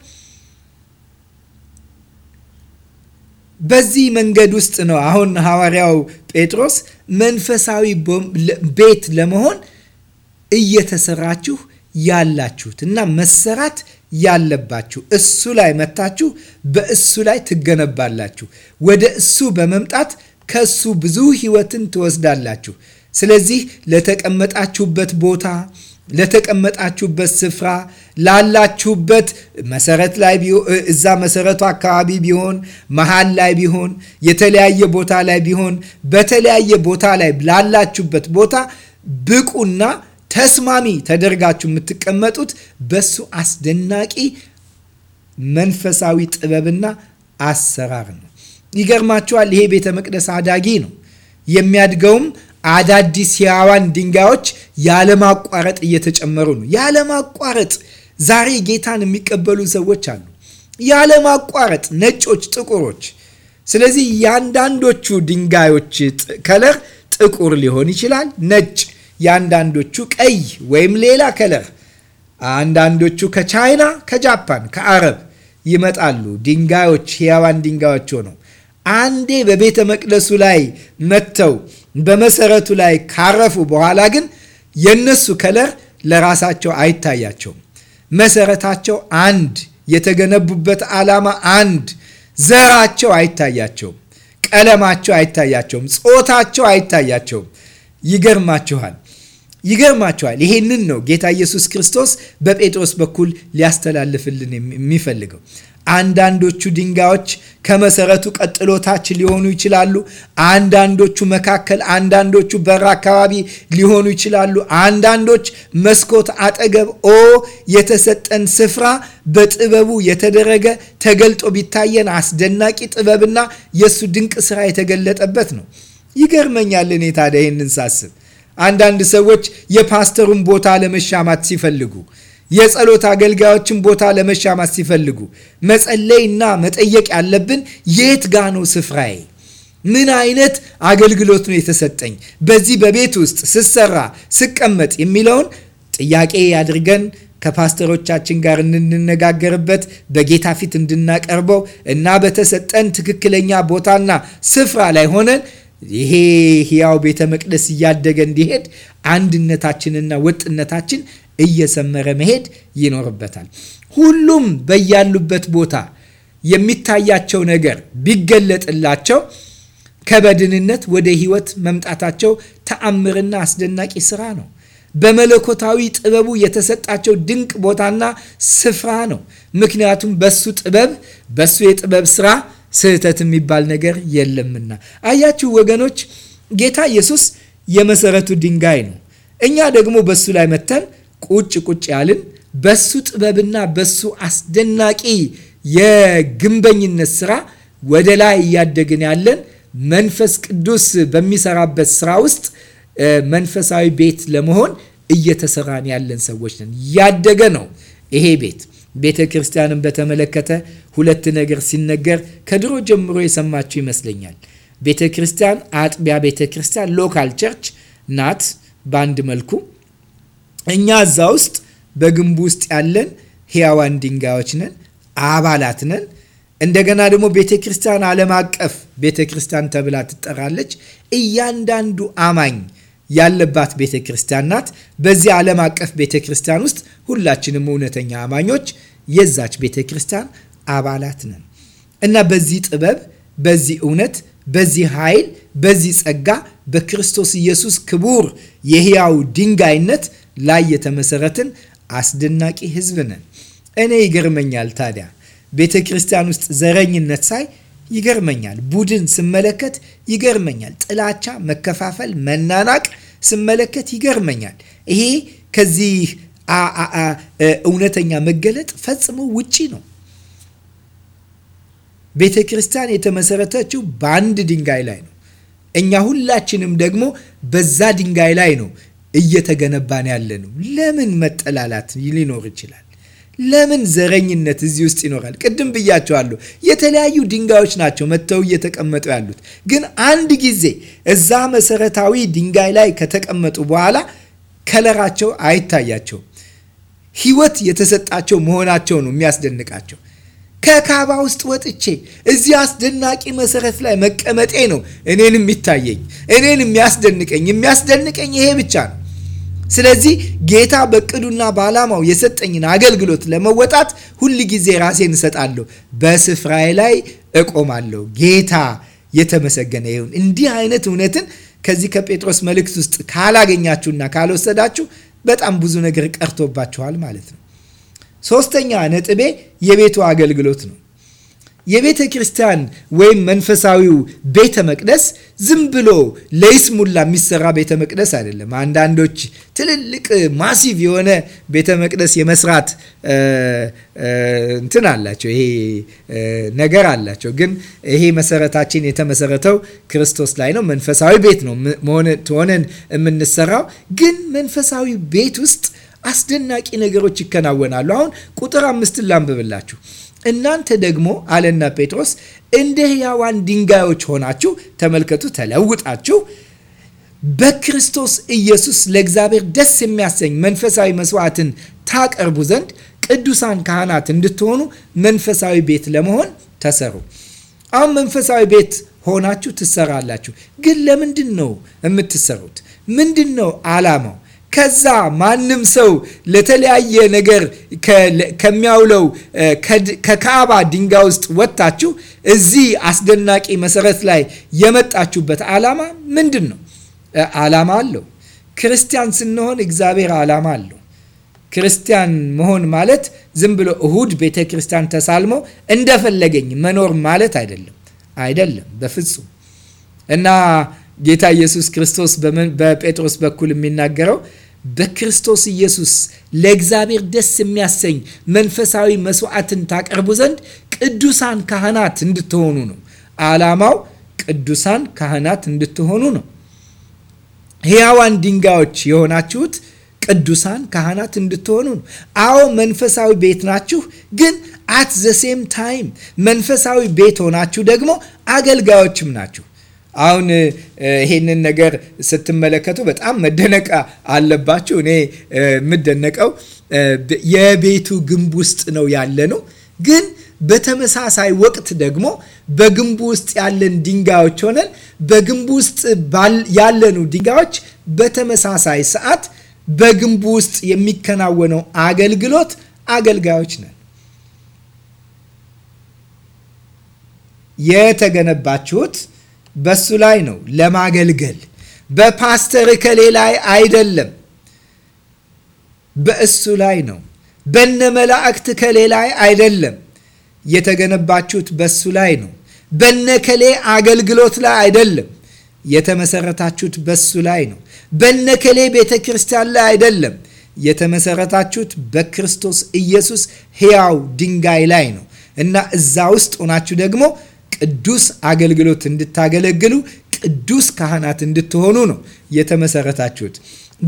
በዚህ መንገድ ውስጥ ነው አሁን ሐዋርያው ጴጥሮስ መንፈሳዊ ቤት ለመሆን እየተሰራችሁ ያላችሁት እና መሰራት ያለባችሁ፣ እሱ ላይ መታችሁ፣ በእሱ ላይ ትገነባላችሁ። ወደ እሱ በመምጣት ከእሱ ብዙ ህይወትን ትወስዳላችሁ። ስለዚህ ለተቀመጣችሁበት ቦታ ለተቀመጣችሁበት ስፍራ ላላችሁበት መሰረት ላይ እዛ መሰረቱ አካባቢ ቢሆን መሃል ላይ ቢሆን የተለያየ ቦታ ላይ ቢሆን በተለያየ ቦታ ላይ ላላችሁበት ቦታ ብቁና ተስማሚ ተደርጋችሁ የምትቀመጡት በሱ አስደናቂ መንፈሳዊ ጥበብና አሰራር ነው። ይገርማችኋል። ይሄ ቤተ መቅደስ አዳጊ ነው። የሚያድገውም አዳዲስ ሕያዋን ድንጋዮች ያለማቋረጥ እየተጨመሩ ነው። ያለማቋረጥ ዛሬ ጌታን የሚቀበሉ ሰዎች አሉ። ያለማቋረጥ ነጮች፣ ጥቁሮች። ስለዚህ ያንዳንዶቹ ድንጋዮች ከለር ጥቁር ሊሆን ይችላል፣ ነጭ የአንዳንዶቹ ቀይ ወይም ሌላ ከለር፣ አንዳንዶቹ ከቻይና፣ ከጃፓን፣ ከአረብ ይመጣሉ። ድንጋዮች ሕያዋን ድንጋዮች ሆነው አንዴ በቤተ መቅደሱ ላይ መጥተው በመሰረቱ ላይ ካረፉ በኋላ ግን የነሱ ከለር ለራሳቸው አይታያቸውም። መሰረታቸው አንድ፣ የተገነቡበት ዓላማ አንድ፣ ዘራቸው አይታያቸውም፣ ቀለማቸው አይታያቸውም፣ ጾታቸው አይታያቸውም። ይገርማችኋል። ይገርማቸዋል። ይሄንን ነው ጌታ ኢየሱስ ክርስቶስ በጴጥሮስ በኩል ሊያስተላልፍልን የሚፈልገው። አንዳንዶቹ ድንጋዮች ከመሰረቱ ቀጥሎ ታች ሊሆኑ ይችላሉ። አንዳንዶቹ መካከል፣ አንዳንዶቹ በር አካባቢ ሊሆኑ ይችላሉ። አንዳንዶች መስኮት አጠገብ። ኦ የተሰጠን ስፍራ በጥበቡ የተደረገ ተገልጦ ቢታየን አስደናቂ ጥበብና የእሱ ድንቅ ስራ የተገለጠበት ነው። ይገርመኛል እኔ ታዲያ ይህንን ሳስብ አንዳንድ ሰዎች የፓስተሩን ቦታ ለመሻማት ሲፈልጉ የጸሎት አገልጋዮችን ቦታ ለመሻማት ሲፈልጉ መጸለይና መጠየቅ ያለብን የት ጋ ነው ስፍራዬ? ምን አይነት አገልግሎት ነው የተሰጠኝ? በዚህ በቤት ውስጥ ስሰራ ስቀመጥ የሚለውን ጥያቄ አድርገን ከፓስተሮቻችን ጋር እንድንነጋገርበት በጌታ ፊት እንድናቀርበው እና በተሰጠን ትክክለኛ ቦታና ስፍራ ላይ ሆነን ይሄ ሕያው ቤተ መቅደስ እያደገ እንዲሄድ አንድነታችንና ወጥነታችን እየሰመረ መሄድ ይኖርበታል። ሁሉም በያሉበት ቦታ የሚታያቸው ነገር ቢገለጥላቸው ከበድንነት ወደ ሕይወት መምጣታቸው ተአምርና አስደናቂ ስራ ነው። በመለኮታዊ ጥበቡ የተሰጣቸው ድንቅ ቦታና ስፍራ ነው። ምክንያቱም በሱ ጥበብ በሱ የጥበብ ስራ ስህተት የሚባል ነገር የለምና። አያችሁ ወገኖች፣ ጌታ ኢየሱስ የመሰረቱ ድንጋይ ነው። እኛ ደግሞ በሱ ላይ መተን ቁጭ ቁጭ ያልን በሱ ጥበብና በሱ አስደናቂ የግንበኝነት ስራ ወደ ላይ እያደግን ያለን መንፈስ ቅዱስ በሚሰራበት ስራ ውስጥ መንፈሳዊ ቤት ለመሆን እየተሰራን ያለን ሰዎች ነን። ያደገ ነው ይሄ ቤት። ቤተ ክርስቲያንን በተመለከተ ሁለት ነገር ሲነገር ከድሮ ጀምሮ የሰማችሁ ይመስለኛል። ቤተ ክርስቲያን አጥቢያ ቤተ ክርስቲያን ሎካል ቸርች ናት። በአንድ መልኩ እኛ እዛ ውስጥ በግንቡ ውስጥ ያለን ሕያዋን ድንጋዮች ነን፣ አባላት ነን። እንደገና ደግሞ ቤተ ክርስቲያን ዓለም አቀፍ ቤተ ክርስቲያን ተብላ ትጠራለች። እያንዳንዱ አማኝ ያለባት ቤተ ክርስቲያን ናት። በዚህ ዓለም አቀፍ ቤተ ክርስቲያን ውስጥ ሁላችንም እውነተኛ አማኞች የዛች ቤተ ክርስቲያን አባላት ነን እና በዚህ ጥበብ፣ በዚህ እውነት፣ በዚህ ኃይል፣ በዚህ ጸጋ በክርስቶስ ኢየሱስ ክቡር የሕያው ድንጋይነት ላይ የተመሰረትን አስደናቂ ሕዝብ ነን። እኔ ይገርመኛል ታዲያ ቤተ ክርስቲያን ውስጥ ዘረኝነት ሳይ ይገርመኛል። ቡድን ስመለከት ይገርመኛል። ጥላቻ፣ መከፋፈል፣ መናናቅ ስመለከት ይገርመኛል። ይሄ ከዚህ እውነተኛ መገለጥ ፈጽሞ ውጪ ነው። ቤተ ክርስቲያን የተመሰረተችው በአንድ ድንጋይ ላይ ነው። እኛ ሁላችንም ደግሞ በዛ ድንጋይ ላይ ነው እየተገነባን ያለ ነው። ለምን መጠላላት ሊኖር ይችላል? ለምን ዘረኝነት እዚህ ውስጥ ይኖራል? ቅድም ብያቸዋለሁ። የተለያዩ ድንጋዮች ናቸው መጥተው እየተቀመጡ ያሉት። ግን አንድ ጊዜ እዛ መሰረታዊ ድንጋይ ላይ ከተቀመጡ በኋላ ከለራቸው አይታያቸውም። ህይወት የተሰጣቸው መሆናቸው ነው የሚያስደንቃቸው። ከካባ ውስጥ ወጥቼ እዚህ አስደናቂ መሰረት ላይ መቀመጤ ነው እኔን የሚታየኝ፣ እኔን የሚያስደንቀኝ። የሚያስደንቀኝ ይሄ ብቻ ነው። ስለዚህ ጌታ በቅዱና በዓላማው የሰጠኝን አገልግሎት ለመወጣት ሁል ጊዜ ራሴን እሰጣለሁ፣ በስፍራዬ ላይ እቆማለሁ። ጌታ የተመሰገነ ይሁን። እንዲህ አይነት እውነትን ከዚህ ከጴጥሮስ መልእክት ውስጥ ካላገኛችሁና ካልወሰዳችሁ በጣም ብዙ ነገር ቀርቶባችኋል ማለት ነው። ሶስተኛ ነጥቤ የቤቱ አገልግሎት ነው። የቤተ ክርስቲያን ወይም መንፈሳዊው ቤተ መቅደስ ዝም ብሎ ለይስሙላ የሚሰራ ቤተ መቅደስ አይደለም። አንዳንዶች ትልልቅ ማሲቭ የሆነ ቤተ መቅደስ የመስራት እንትን አላቸው፣ ይሄ ነገር አላቸው። ግን ይሄ መሰረታችን የተመሰረተው ክርስቶስ ላይ ነው። መንፈሳዊ ቤት ነው ሆነን የምንሰራው። ግን መንፈሳዊ ቤት ውስጥ አስደናቂ ነገሮች ይከናወናሉ። አሁን ቁጥር አምስትን ላንብብላችሁ። እናንተ ደግሞ አለና ጴጥሮስ እንደ ሕያዋን ድንጋዮች ሆናችሁ ተመልከቱ፣ ተለውጣችሁ በክርስቶስ ኢየሱስ ለእግዚአብሔር ደስ የሚያሰኝ መንፈሳዊ መስዋዕትን ታቀርቡ ዘንድ ቅዱሳን ካህናት እንድትሆኑ መንፈሳዊ ቤት ለመሆን ተሰሩ። አሁን መንፈሳዊ ቤት ሆናችሁ ትሰራላችሁ። ግን ለምንድን ነው የምትሰሩት? ምንድን ነው ዓላማው? ከዛ ማንም ሰው ለተለያየ ነገር ከሚያውለው ከካባ ድንጋይ ውስጥ ወጥታችሁ እዚህ አስደናቂ መሰረት ላይ የመጣችሁበት ዓላማ ምንድን ነው? ዓላማ አለው። ክርስቲያን ስንሆን እግዚአብሔር ዓላማ አለው። ክርስቲያን መሆን ማለት ዝም ብሎ እሁድ ቤተ ክርስቲያን ተሳልሞ እንደፈለገኝ መኖር ማለት አይደለም። አይደለም፣ በፍጹም እና ጌታ ኢየሱስ ክርስቶስ በጴጥሮስ በኩል የሚናገረው በክርስቶስ ኢየሱስ ለእግዚአብሔር ደስ የሚያሰኝ መንፈሳዊ መስዋዕትን ታቀርቡ ዘንድ ቅዱሳን ካህናት እንድትሆኑ ነው። ዓላማው ቅዱሳን ካህናት እንድትሆኑ ነው። ሕያዋን ድንጋዮች የሆናችሁት ቅዱሳን ካህናት እንድትሆኑ ነው። አዎ መንፈሳዊ ቤት ናችሁ፣ ግን አት ዘ ሴም ታይም መንፈሳዊ ቤት ሆናችሁ ደግሞ አገልጋዮችም ናችሁ። አሁን ይሄንን ነገር ስትመለከቱ በጣም መደነቅ አለባችሁ። እኔ የምደነቀው የቤቱ ግንብ ውስጥ ነው ያለ ነው ግን በተመሳሳይ ወቅት ደግሞ በግንቡ ውስጥ ያለን ድንጋዮች ሆነን በግንቡ ውስጥ ያለኑ ድንጋዮች በተመሳሳይ ሰዓት በግንቡ ውስጥ የሚከናወነው አገልግሎት አገልጋዮች ነን። የተገነባችሁት በሱ ላይ ነው ለማገልገል፣ በፓስተር እከሌ ላይ አይደለም፣ በእሱ ላይ ነው። በነ መላእክት እከሌ ላይ አይደለም። የተገነባችሁት በሱ ላይ ነው። በነ ከሌ አገልግሎት ላይ አይደለም። የተመሰረታችሁት በሱ ላይ ነው። በነ ከሌ ቤተ ክርስቲያን ላይ አይደለም። የተመሰረታችሁት በክርስቶስ ኢየሱስ ሕያው ድንጋይ ላይ ነው እና እዛ ውስጥ ሆናችሁ ደግሞ ቅዱስ አገልግሎት እንድታገለግሉ ቅዱስ ካህናት እንድትሆኑ ነው የተመሰረታችሁት።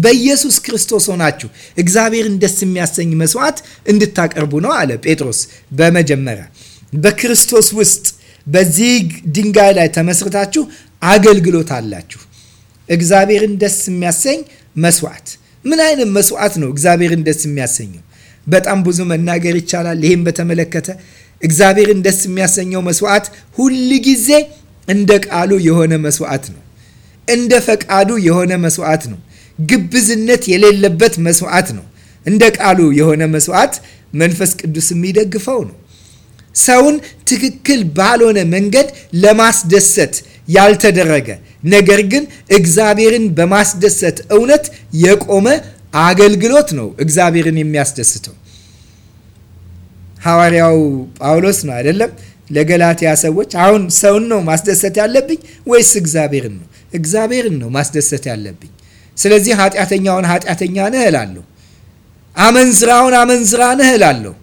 በኢየሱስ ክርስቶስ ሆናችሁ እግዚአብሔርን ደስ የሚያሰኝ መስዋዕት እንድታቀርቡ ነው አለ ጴጥሮስ። በመጀመሪያ በክርስቶስ ውስጥ በዚህ ድንጋይ ላይ ተመስርታችሁ አገልግሎት አላችሁ። እግዚአብሔርን ደስ የሚያሰኝ መስዋዕት። ምን አይነት መስዋዕት ነው እግዚአብሔርን ደስ የሚያሰኘው? በጣም ብዙ መናገር ይቻላል። ይህም በተመለከተ እግዚአብሔርን ደስ የሚያሰኘው መስዋዕት ሁል ጊዜ እንደ ቃሉ የሆነ መስዋዕት ነው። እንደ ፈቃዱ የሆነ መስዋዕት ነው። ግብዝነት የሌለበት መስዋዕት ነው። እንደ ቃሉ የሆነ መስዋዕት መንፈስ ቅዱስ የሚደግፈው ነው። ሰውን ትክክል ባልሆነ መንገድ ለማስደሰት ያልተደረገ ነገር ግን እግዚአብሔርን በማስደሰት እውነት የቆመ አገልግሎት ነው እግዚአብሔርን የሚያስደስተው። ሐዋርያው ጳውሎስ ነው አይደለም ለገላትያ ሰዎች አሁን ሰውን ነው ማስደሰት ያለብኝ ወይስ እግዚአብሔርን ነው? እግዚአብሔርን ነው ማስደሰት ያለብኝ። ስለዚህ ኃጢአተኛውን ኃጢአተኛ ነህ እላለሁ፣ አመንዝራውን አመንዝራ ነህ እላለሁ፣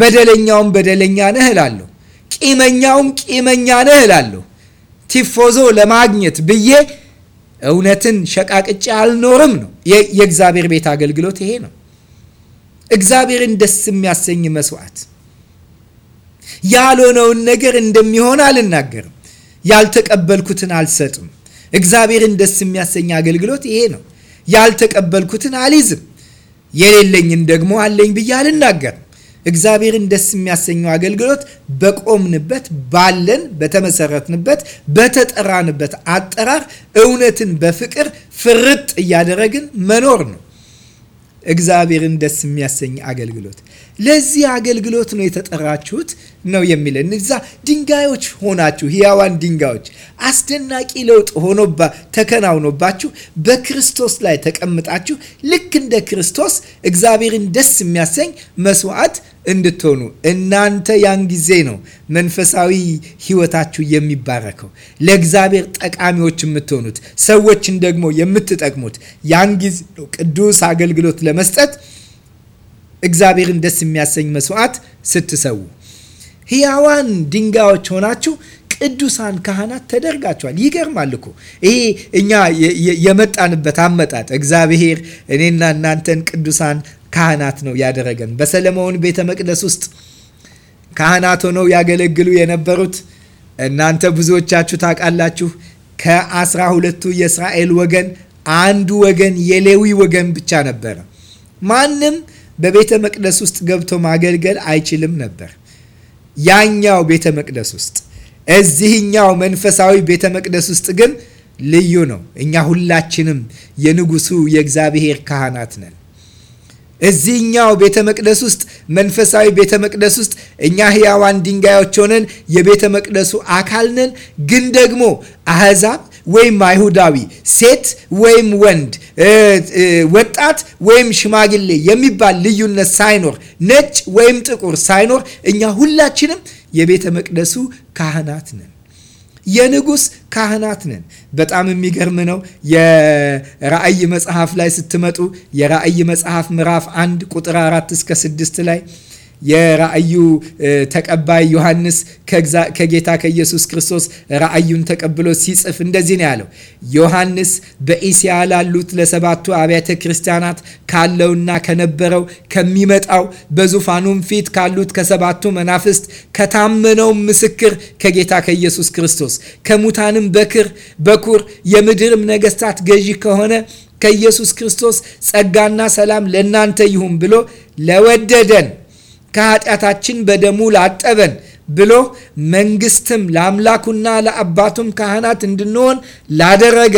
በደለኛውን በደለኛ ነህ እላለሁ፣ ቂመኛውም ቂመኛ ነህ እላለሁ። ቲፎዞ ለማግኘት ብዬ እውነትን ሸቃቅጬ አልኖርም ነው የእግዚአብሔር ቤት አገልግሎት ይሄ ነው። እግዚአብሔርን ደስ የሚያሰኝ መስዋዕት። ያልሆነውን ነገር እንደሚሆን አልናገርም፣ ያልተቀበልኩትን አልሰጥም። እግዚአብሔርን ደስ የሚያሰኝ አገልግሎት ይሄ ነው። ያልተቀበልኩትን አልይዝም፣ የሌለኝን ደግሞ አለኝ ብዬ አልናገርም። እግዚአብሔርን ደስ የሚያሰኘው አገልግሎት በቆምንበት ባለን በተመሰረትንበት በተጠራንበት አጠራር እውነትን በፍቅር ፍርጥ እያደረግን መኖር ነው። እግዚአብሔርን ደስ የሚያሰኝ አገልግሎት። ለዚህ አገልግሎት ነው የተጠራችሁት ነው የሚለን። እዛ ድንጋዮች ሆናችሁ ህያዋን ድንጋዮች አስደናቂ ለውጥ ሆኖባ ተከናውኖባችሁ በክርስቶስ ላይ ተቀምጣችሁ ልክ እንደ ክርስቶስ እግዚአብሔርን ደስ የሚያሰኝ መስዋዕት እንድትሆኑ እናንተ ያን ጊዜ ነው መንፈሳዊ ህይወታችሁ የሚባረከው፣ ለእግዚአብሔር ጠቃሚዎች የምትሆኑት፣ ሰዎችን ደግሞ የምትጠቅሙት። ያን ጊዜ ነው ቅዱስ አገልግሎት ለመስጠት እግዚአብሔርን ደስ የሚያሰኝ መስዋዕት ስትሰዉ ህያዋን ድንጋዮች ሆናችሁ ቅዱሳን ካህናት ተደርጋቸዋል። ይገርማል እኮ ይሄ እኛ የመጣንበት አመጣጥ እግዚአብሔር እኔና እናንተን ቅዱሳን ካህናት ነው ያደረገን። በሰለሞን ቤተ መቅደስ ውስጥ ካህናት ሆነው ያገለግሉ የነበሩት እናንተ ብዙዎቻችሁ ታውቃላችሁ። ከአስራ ሁለቱ የእስራኤል ወገን አንዱ ወገን የሌዊ ወገን ብቻ ነበረ። ማንም በቤተ መቅደስ ውስጥ ገብቶ ማገልገል አይችልም ነበር። ያኛው ቤተ መቅደስ ውስጥ እዚህኛው መንፈሳዊ ቤተ መቅደስ ውስጥ ግን ልዩ ነው። እኛ ሁላችንም የንጉሱ የእግዚአብሔር ካህናት ነን። እዚህኛው ቤተ መቅደስ ውስጥ መንፈሳዊ ቤተ መቅደስ ውስጥ እኛ ህያዋን ድንጋዮች ሆነን የቤተ መቅደሱ አካል ነን። ግን ደግሞ አህዛብ ወይም አይሁዳዊ፣ ሴት ወይም ወንድ፣ ወጣት ወይም ሽማግሌ የሚባል ልዩነት ሳይኖር፣ ነጭ ወይም ጥቁር ሳይኖር እኛ ሁላችንም የቤተ መቅደሱ ካህናት ነን። የንጉስ ካህናት ነን። በጣም የሚገርም ነው። የራእይ መጽሐፍ ላይ ስትመጡ የራእይ መጽሐፍ ምዕራፍ አንድ ቁጥር አራት እስከ ስድስት ላይ የራእዩ ተቀባይ ዮሐንስ ከጌታ ከኢየሱስ ክርስቶስ ራእዩን ተቀብሎ ሲጽፍ እንደዚህ ነው ያለው። ዮሐንስ በኢስያ ላሉት ለሰባቱ አብያተ ክርስቲያናት ካለውና ከነበረው ከሚመጣው በዙፋኑም ፊት ካሉት ከሰባቱ መናፍስት ከታመነው ምስክር ከጌታ ከኢየሱስ ክርስቶስ ከሙታንም በክር በኩር የምድርም ነገስታት ገዢ ከሆነ ከኢየሱስ ክርስቶስ ጸጋና ሰላም ለእናንተ ይሁን ብሎ ለወደደን ከኃጢአታችን በደሙ ላጠበን ብሎ መንግስትም ለአምላኩና ለአባቱም ካህናት እንድንሆን ላደረገ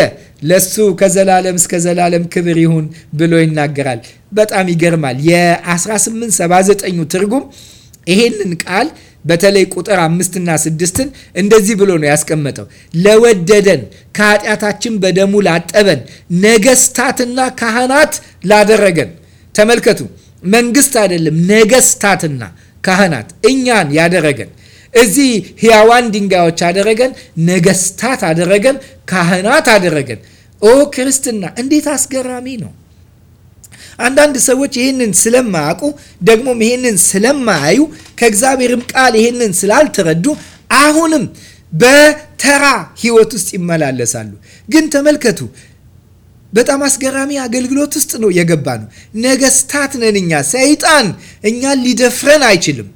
ለሱ ከዘላለም እስከ ዘላለም ክብር ይሁን ብሎ ይናገራል። በጣም ይገርማል። የ1879ኙ ትርጉም ይሄንን ቃል በተለይ ቁጥር አምስትና ስድስትን እንደዚህ ብሎ ነው ያስቀመጠው። ለወደደን ከኃጢአታችን በደሙ ላጠበን ነገስታትና ካህናት ላደረገን። ተመልከቱ መንግስት አይደለም ነገስታትና ካህናት እኛን ያደረገን እዚህ ህያዋን ድንጋዮች አደረገን፣ ነገስታት አደረገን፣ ካህናት አደረገን። ኦ ክርስትና እንዴት አስገራሚ ነው! አንዳንድ ሰዎች ይህንን ስለማያውቁ ደግሞም ይህንን ስለማያዩ ከእግዚአብሔርም ቃል ይህንን ስላልተረዱ አሁንም በተራ ህይወት ውስጥ ይመላለሳሉ። ግን ተመልከቱ በጣም አስገራሚ አገልግሎት ውስጥ ነው የገባ ነው። ነገስታት ነን እኛ። ሰይጣን እኛ ሊደፍረን አይችልም፣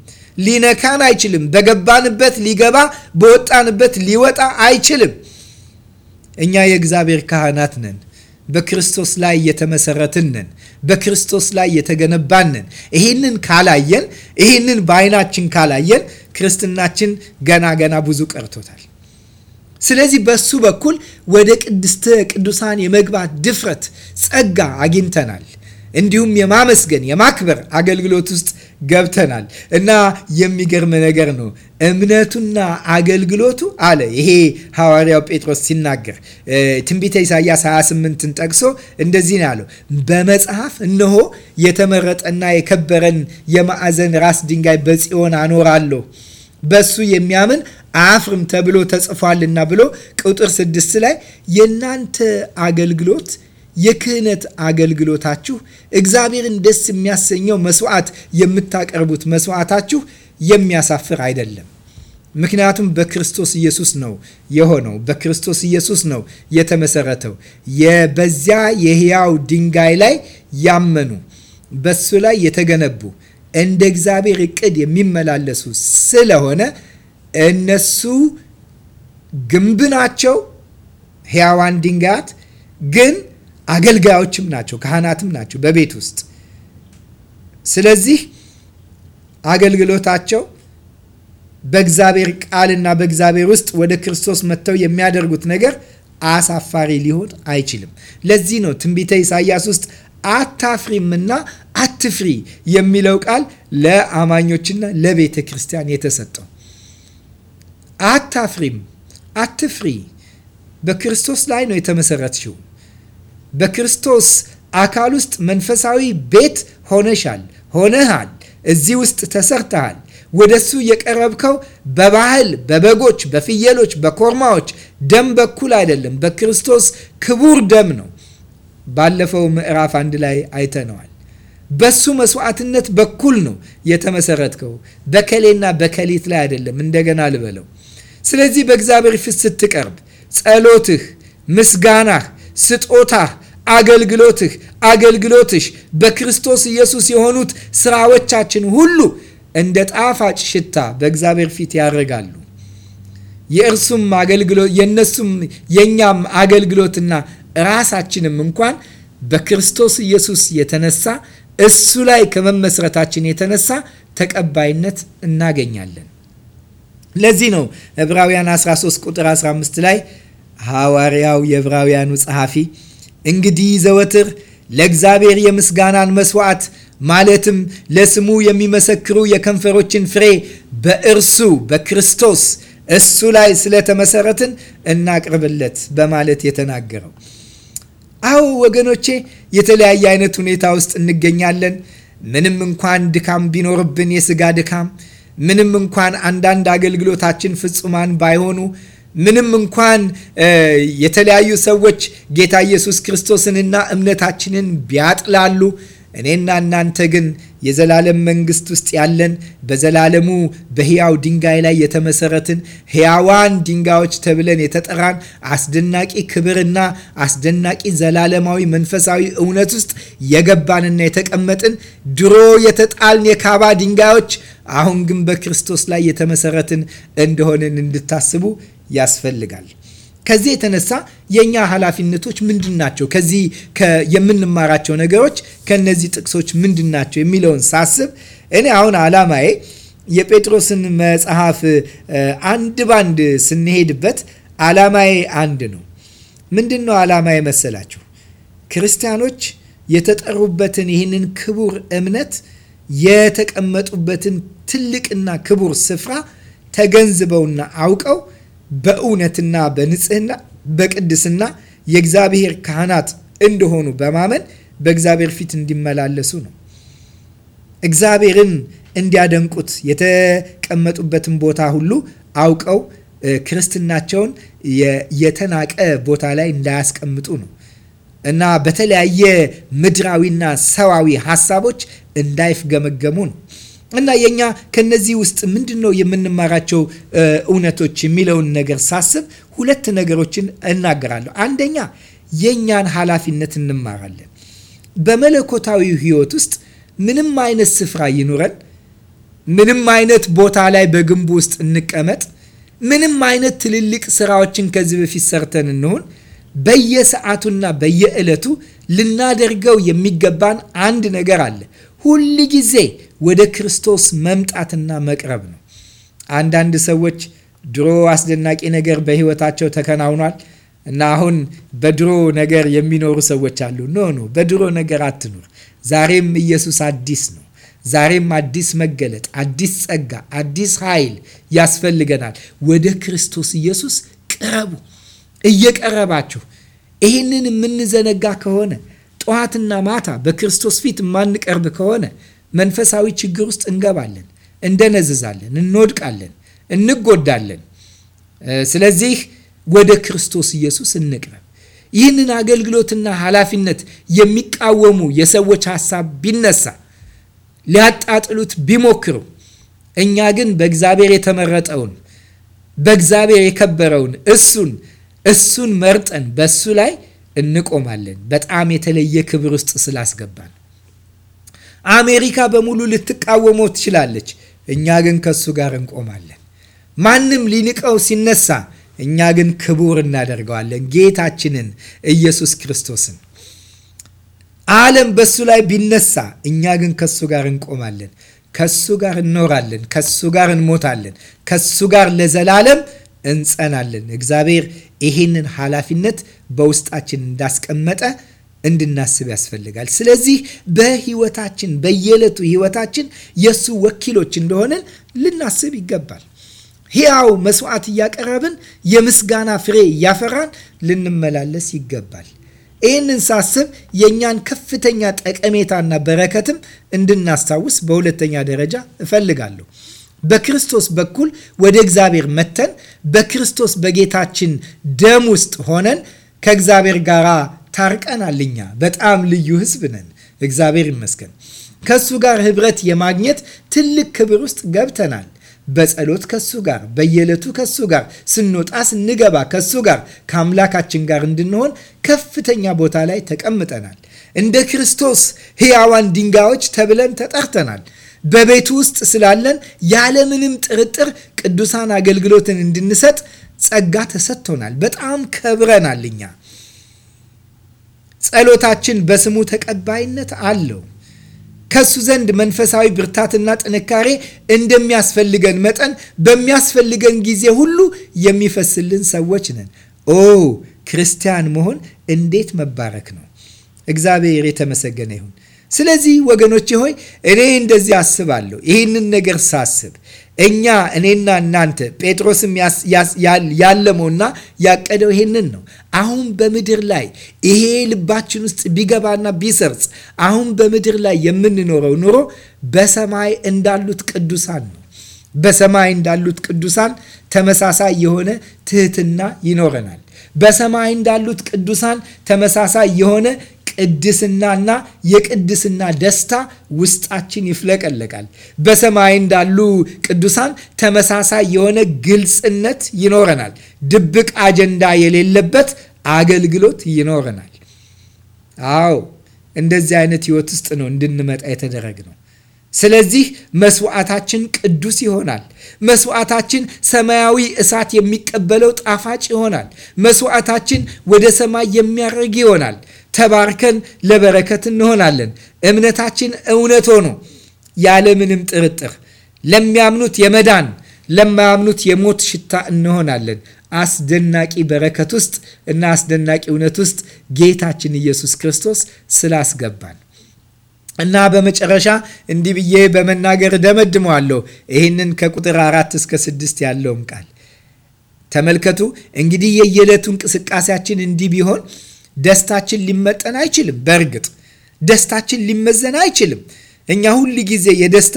ሊነካን አይችልም። በገባንበት ሊገባ በወጣንበት ሊወጣ አይችልም። እኛ የእግዚአብሔር ካህናት ነን። በክርስቶስ ላይ የተመሰረትን ነን። በክርስቶስ ላይ የተገነባን ነን። ይህንን ካላየን፣ ይህንን በአይናችን ካላየን ክርስትናችን ገና ገና ብዙ ቀርቶታል። ስለዚህ በሱ በኩል ወደ ቅድስተ ቅዱሳን የመግባት ድፍረት ጸጋ አግኝተናል። እንዲሁም የማመስገን የማክበር አገልግሎት ውስጥ ገብተናል እና የሚገርም ነገር ነው። እምነቱና አገልግሎቱ አለ። ይሄ ሐዋርያው ጴጥሮስ ሲናገር ትንቢተ ኢሳያስ 28ን ጠቅሶ እንደዚህ ነው ያለው፣ በመጽሐፍ እነሆ የተመረጠና የከበረን የማዕዘን ራስ ድንጋይ በጽዮን አኖራለሁ በሱ የሚያምን አያፍርም ተብሎ ተጽፏልና ብሎ ቁጥር ስድስት ላይ የእናንተ አገልግሎት የክህነት አገልግሎታችሁ እግዚአብሔርን ደስ የሚያሰኘው መስዋዕት የምታቀርቡት መስዋዕታችሁ የሚያሳፍር አይደለም። ምክንያቱም በክርስቶስ ኢየሱስ ነው የሆነው፣ በክርስቶስ ኢየሱስ ነው የተመሰረተው። በዚያ የህያው ድንጋይ ላይ ያመኑ በሱ ላይ የተገነቡ እንደ እግዚአብሔር እቅድ የሚመላለሱ ስለሆነ እነሱ ግንብ ናቸው፣ ሕያዋን ድንጋያት ግን አገልጋዮችም ናቸው፣ ካህናትም ናቸው በቤት ውስጥ። ስለዚህ አገልግሎታቸው በእግዚአብሔር ቃልና በእግዚአብሔር ውስጥ ወደ ክርስቶስ መጥተው የሚያደርጉት ነገር አሳፋሪ ሊሆን አይችልም። ለዚህ ነው ትንቢተ ኢሳይያስ ውስጥ አታፍሪምና አትፍሪ የሚለው ቃል ለአማኞችና ለቤተ ክርስቲያን የተሰጠው አታፍሪም፣ አትፍሪ በክርስቶስ ላይ ነው የተመሰረትሽው። በክርስቶስ አካል ውስጥ መንፈሳዊ ቤት ሆነሻል፣ ሆነሃል። እዚህ ውስጥ ተሰርተሃል። ወደሱ የቀረብከው በባህል በበጎች፣ በፍየሎች፣ በኮርማዎች ደም በኩል አይደለም። በክርስቶስ ክቡር ደም ነው። ባለፈው ምዕራፍ አንድ ላይ አይተነዋል። በሱ መስዋዕትነት በኩል ነው የተመሰረትከው፣ በከሌና በከሊት ላይ አይደለም። እንደገና ልበለው። ስለዚህ በእግዚአብሔር ፊት ስትቀርብ ጸሎትህ፣ ምስጋናህ፣ ስጦታህ፣ አገልግሎትህ፣ አገልግሎትሽ በክርስቶስ ኢየሱስ የሆኑት ስራዎቻችን ሁሉ እንደ ጣፋጭ ሽታ በእግዚአብሔር ፊት ያደርጋሉ። የእርሱም አገልግሎት የእነሱም የእኛም አገልግሎትና ራሳችንም እንኳን በክርስቶስ ኢየሱስ የተነሳ እሱ ላይ ከመመስረታችን የተነሳ ተቀባይነት እናገኛለን። ለዚህ ነው ዕብራውያን 13 ቁጥር 15 ላይ ሐዋርያው የዕብራውያኑ ጸሐፊ እንግዲህ ዘወትር ለእግዚአብሔር የምስጋናን መስዋዕት ማለትም ለስሙ የሚመሰክሩ የከንፈሮችን ፍሬ በእርሱ በክርስቶስ እሱ ላይ ስለተመሰረትን እናቅርብለት በማለት የተናገረው አዎ ወገኖቼ፣ የተለያየ አይነት ሁኔታ ውስጥ እንገኛለን። ምንም እንኳን ድካም ቢኖርብን የስጋ ድካም፣ ምንም እንኳን አንዳንድ አገልግሎታችን ፍጹማን ባይሆኑ፣ ምንም እንኳን የተለያዩ ሰዎች ጌታ ኢየሱስ ክርስቶስንና እምነታችንን ቢያጥላሉ እኔና እናንተ ግን የዘላለም መንግስት ውስጥ ያለን በዘላለሙ በሕያው ድንጋይ ላይ የተመሰረትን ሕያዋን ድንጋዮች ተብለን የተጠራን አስደናቂ ክብርና አስደናቂ ዘላለማዊ መንፈሳዊ እውነት ውስጥ የገባንና የተቀመጥን ድሮ የተጣልን የካባ ድንጋዮች አሁን ግን በክርስቶስ ላይ የተመሰረትን እንደሆንን እንድታስቡ ያስፈልጋል። ከዚህ የተነሳ የእኛ ኃላፊነቶች ምንድን ናቸው? ከዚህ የምንማራቸው ነገሮች ከነዚህ ጥቅሶች ምንድን ናቸው የሚለውን ሳስብ እኔ አሁን አላማዬ የጴጥሮስን መጽሐፍ አንድ ባንድ ስንሄድበት አላማዬ አንድ ነው። ምንድን ነው ዓላማዬ መሰላችሁ? ክርስቲያኖች የተጠሩበትን ይህንን ክቡር እምነት የተቀመጡበትን ትልቅና ክቡር ስፍራ ተገንዝበውና አውቀው በእውነትና በንጽህና በቅድስና የእግዚአብሔር ካህናት እንደሆኑ በማመን በእግዚአብሔር ፊት እንዲመላለሱ ነው። እግዚአብሔርን እንዲያደንቁት የተቀመጡበትን ቦታ ሁሉ አውቀው ክርስትናቸውን የተናቀ ቦታ ላይ እንዳያስቀምጡ ነው እና በተለያየ ምድራዊና ሰዋዊ ሀሳቦች እንዳይፍገመገሙ ነው። እና የኛ ከነዚህ ውስጥ ምንድን ነው የምንማራቸው እውነቶች የሚለውን ነገር ሳስብ ሁለት ነገሮችን እናገራለሁ። አንደኛ የእኛን ኃላፊነት እንማራለን። በመለኮታዊ ሕይወት ውስጥ ምንም አይነት ስፍራ ይኑረን፣ ምንም አይነት ቦታ ላይ በግንቡ ውስጥ እንቀመጥ፣ ምንም አይነት ትልልቅ ስራዎችን ከዚህ በፊት ሰርተን እንሆን በየሰዓቱና በየዕለቱ ልናደርገው የሚገባን አንድ ነገር አለ ሁል ጊዜ ወደ ክርስቶስ መምጣትና መቅረብ ነው። አንዳንድ ሰዎች ድሮ አስደናቂ ነገር በህይወታቸው ተከናውኗል እና አሁን በድሮ ነገር የሚኖሩ ሰዎች አሉ። ኖ ኖ፣ በድሮ ነገር አትኑር። ዛሬም ኢየሱስ አዲስ ነው። ዛሬም አዲስ መገለጥ፣ አዲስ ጸጋ፣ አዲስ ኃይል ያስፈልገናል። ወደ ክርስቶስ ኢየሱስ ቅረቡ። እየቀረባችሁ ይህንን የምንዘነጋ ከሆነ ጠዋትና ማታ በክርስቶስ ፊት የማንቀርብ ከሆነ መንፈሳዊ ችግር ውስጥ እንገባለን፣ እንደነዝዛለን፣ እንወድቃለን፣ እንጎዳለን። ስለዚህ ወደ ክርስቶስ ኢየሱስ እንቅረብ። ይህንን አገልግሎትና ኃላፊነት የሚቃወሙ የሰዎች ሀሳብ ቢነሳ ሊያጣጥሉት ቢሞክሩ፣ እኛ ግን በእግዚአብሔር የተመረጠውን በእግዚአብሔር የከበረውን እሱን እሱን መርጠን በእሱ ላይ እንቆማለን። በጣም የተለየ ክብር ውስጥ ስላስገባን አሜሪካ በሙሉ ልትቃወመው ትችላለች። እኛ ግን ከሱ ጋር እንቆማለን። ማንም ሊንቀው ሲነሳ፣ እኛ ግን ክቡር እናደርገዋለን ጌታችንን ኢየሱስ ክርስቶስን። ዓለም በሱ ላይ ቢነሳ፣ እኛ ግን ከሱ ጋር እንቆማለን። ከሱ ጋር እንኖራለን። ከሱ ጋር እንሞታለን። ከሱ ጋር ለዘላለም እንጸናለን። እግዚአብሔር ይሄንን ኃላፊነት በውስጣችን እንዳስቀመጠ እንድናስብ ያስፈልጋል። ስለዚህ በህይወታችን በየዕለቱ ህይወታችን የእሱ ወኪሎች እንደሆነን ልናስብ ይገባል። ሕያው መስዋዕት እያቀረብን የምስጋና ፍሬ እያፈራን ልንመላለስ ይገባል። ይህንን ሳስብ የእኛን ከፍተኛ ጠቀሜታና በረከትም እንድናስታውስ በሁለተኛ ደረጃ እፈልጋለሁ። በክርስቶስ በኩል ወደ እግዚአብሔር መተን በክርስቶስ በጌታችን ደም ውስጥ ሆነን ከእግዚአብሔር ጋር ታርቀናል። እኛ በጣም ልዩ ህዝብ ነን። እግዚአብሔር ይመስገን። ከሱ ጋር ህብረት የማግኘት ትልቅ ክብር ውስጥ ገብተናል። በጸሎት ከሱ ጋር በየዕለቱ ከሱ ጋር ስንወጣ ስንገባ ከሱ ጋር ከአምላካችን ጋር እንድንሆን ከፍተኛ ቦታ ላይ ተቀምጠናል። እንደ ክርስቶስ ሕያዋን ድንጋዮች ተብለን ተጠርተናል። በቤቱ ውስጥ ስላለን ያለምንም ጥርጥር ቅዱሳን አገልግሎትን እንድንሰጥ ጸጋ ተሰጥቶናል። በጣም ከብረናል እኛ ጸሎታችን በስሙ ተቀባይነት አለው። ከሱ ዘንድ መንፈሳዊ ብርታትና ጥንካሬ እንደሚያስፈልገን መጠን በሚያስፈልገን ጊዜ ሁሉ የሚፈስልን ሰዎች ነን። ኦ ክርስቲያን መሆን እንዴት መባረክ ነው! እግዚአብሔር የተመሰገነ ይሁን። ስለዚህ ወገኖቼ ሆይ እኔ እንደዚህ አስባለሁ። ይህንን ነገር ሳስብ እኛ እኔና እናንተ ጴጥሮስም ያለመውና ያቀደው ይሄንን ነው። አሁን በምድር ላይ ይሄ ልባችን ውስጥ ቢገባና ቢሰርጽ አሁን በምድር ላይ የምንኖረው ኑሮ በሰማይ እንዳሉት ቅዱሳን ነው። በሰማይ እንዳሉት ቅዱሳን ተመሳሳይ የሆነ ትህትና ይኖረናል። በሰማይ እንዳሉት ቅዱሳን ተመሳሳይ የሆነ ቅድስናና የቅድስና ደስታ ውስጣችን ይፍለቀለቃል። በሰማይ እንዳሉ ቅዱሳን ተመሳሳይ የሆነ ግልጽነት ይኖረናል። ድብቅ አጀንዳ የሌለበት አገልግሎት ይኖረናል። አዎ እንደዚህ አይነት ህይወት ውስጥ ነው እንድንመጣ የተደረግ ነው። ስለዚህ መስዋዕታችን ቅዱስ ይሆናል። መስዋዕታችን ሰማያዊ እሳት የሚቀበለው ጣፋጭ ይሆናል። መስዋዕታችን ወደ ሰማይ የሚያርግ ይሆናል። ተባርከን ለበረከት እንሆናለን። እምነታችን እውነት ሆኖ ያለምንም ጥርጥር ለሚያምኑት የመዳን ለማያምኑት የሞት ሽታ እንሆናለን። አስደናቂ በረከት ውስጥ እና አስደናቂ እውነት ውስጥ ጌታችን ኢየሱስ ክርስቶስ ስላስገባን እና በመጨረሻ እንዲህ ብዬ በመናገር ደመድመዋለሁ። ይህንን ከቁጥር አራት እስከ ስድስት ያለውን ቃል ተመልከቱ። እንግዲህ የየዕለቱ እንቅስቃሴያችን እንዲህ ቢሆን ደስታችን ሊመጠን አይችልም። በእርግጥ ደስታችን ሊመዘን አይችልም። እኛ ሁል ጊዜ የደስታ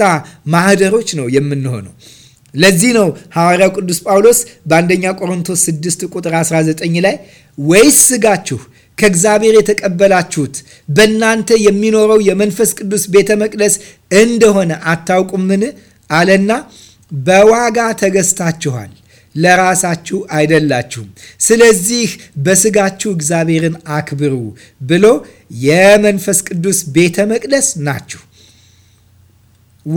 ማህደሮች ነው የምንሆነው። ለዚህ ነው ሐዋርያው ቅዱስ ጳውሎስ በአንደኛ ቆሮንቶስ 6 ቁጥር 19 ላይ ወይስ ስጋችሁ ከእግዚአብሔር የተቀበላችሁት በእናንተ የሚኖረው የመንፈስ ቅዱስ ቤተ መቅደስ እንደሆነ አታውቁምን? አለና በዋጋ ተገዝታችኋል ለራሳችሁ አይደላችሁም። ስለዚህ በስጋችሁ እግዚአብሔርን አክብሩ ብሎ የመንፈስ ቅዱስ ቤተ መቅደስ ናችሁ።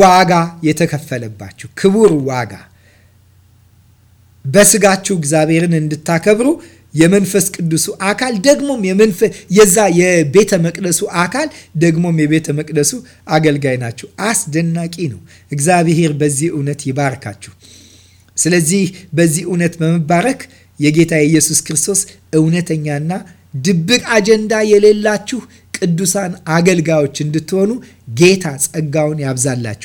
ዋጋ የተከፈለባችሁ ክቡር ዋጋ በስጋችሁ እግዚአብሔርን እንድታከብሩ የመንፈስ ቅዱሱ አካል ደግሞም የዛ የቤተ መቅደሱ አካል ደግሞም የቤተ መቅደሱ አገልጋይ ናችሁ። አስደናቂ ነው። እግዚአብሔር በዚህ እውነት ይባርካችሁ። ስለዚህ በዚህ እውነት በመባረክ የጌታ የኢየሱስ ክርስቶስ እውነተኛና ድብቅ አጀንዳ የሌላችሁ ቅዱሳን አገልጋዮች እንድትሆኑ ጌታ ጸጋውን ያብዛላችሁ።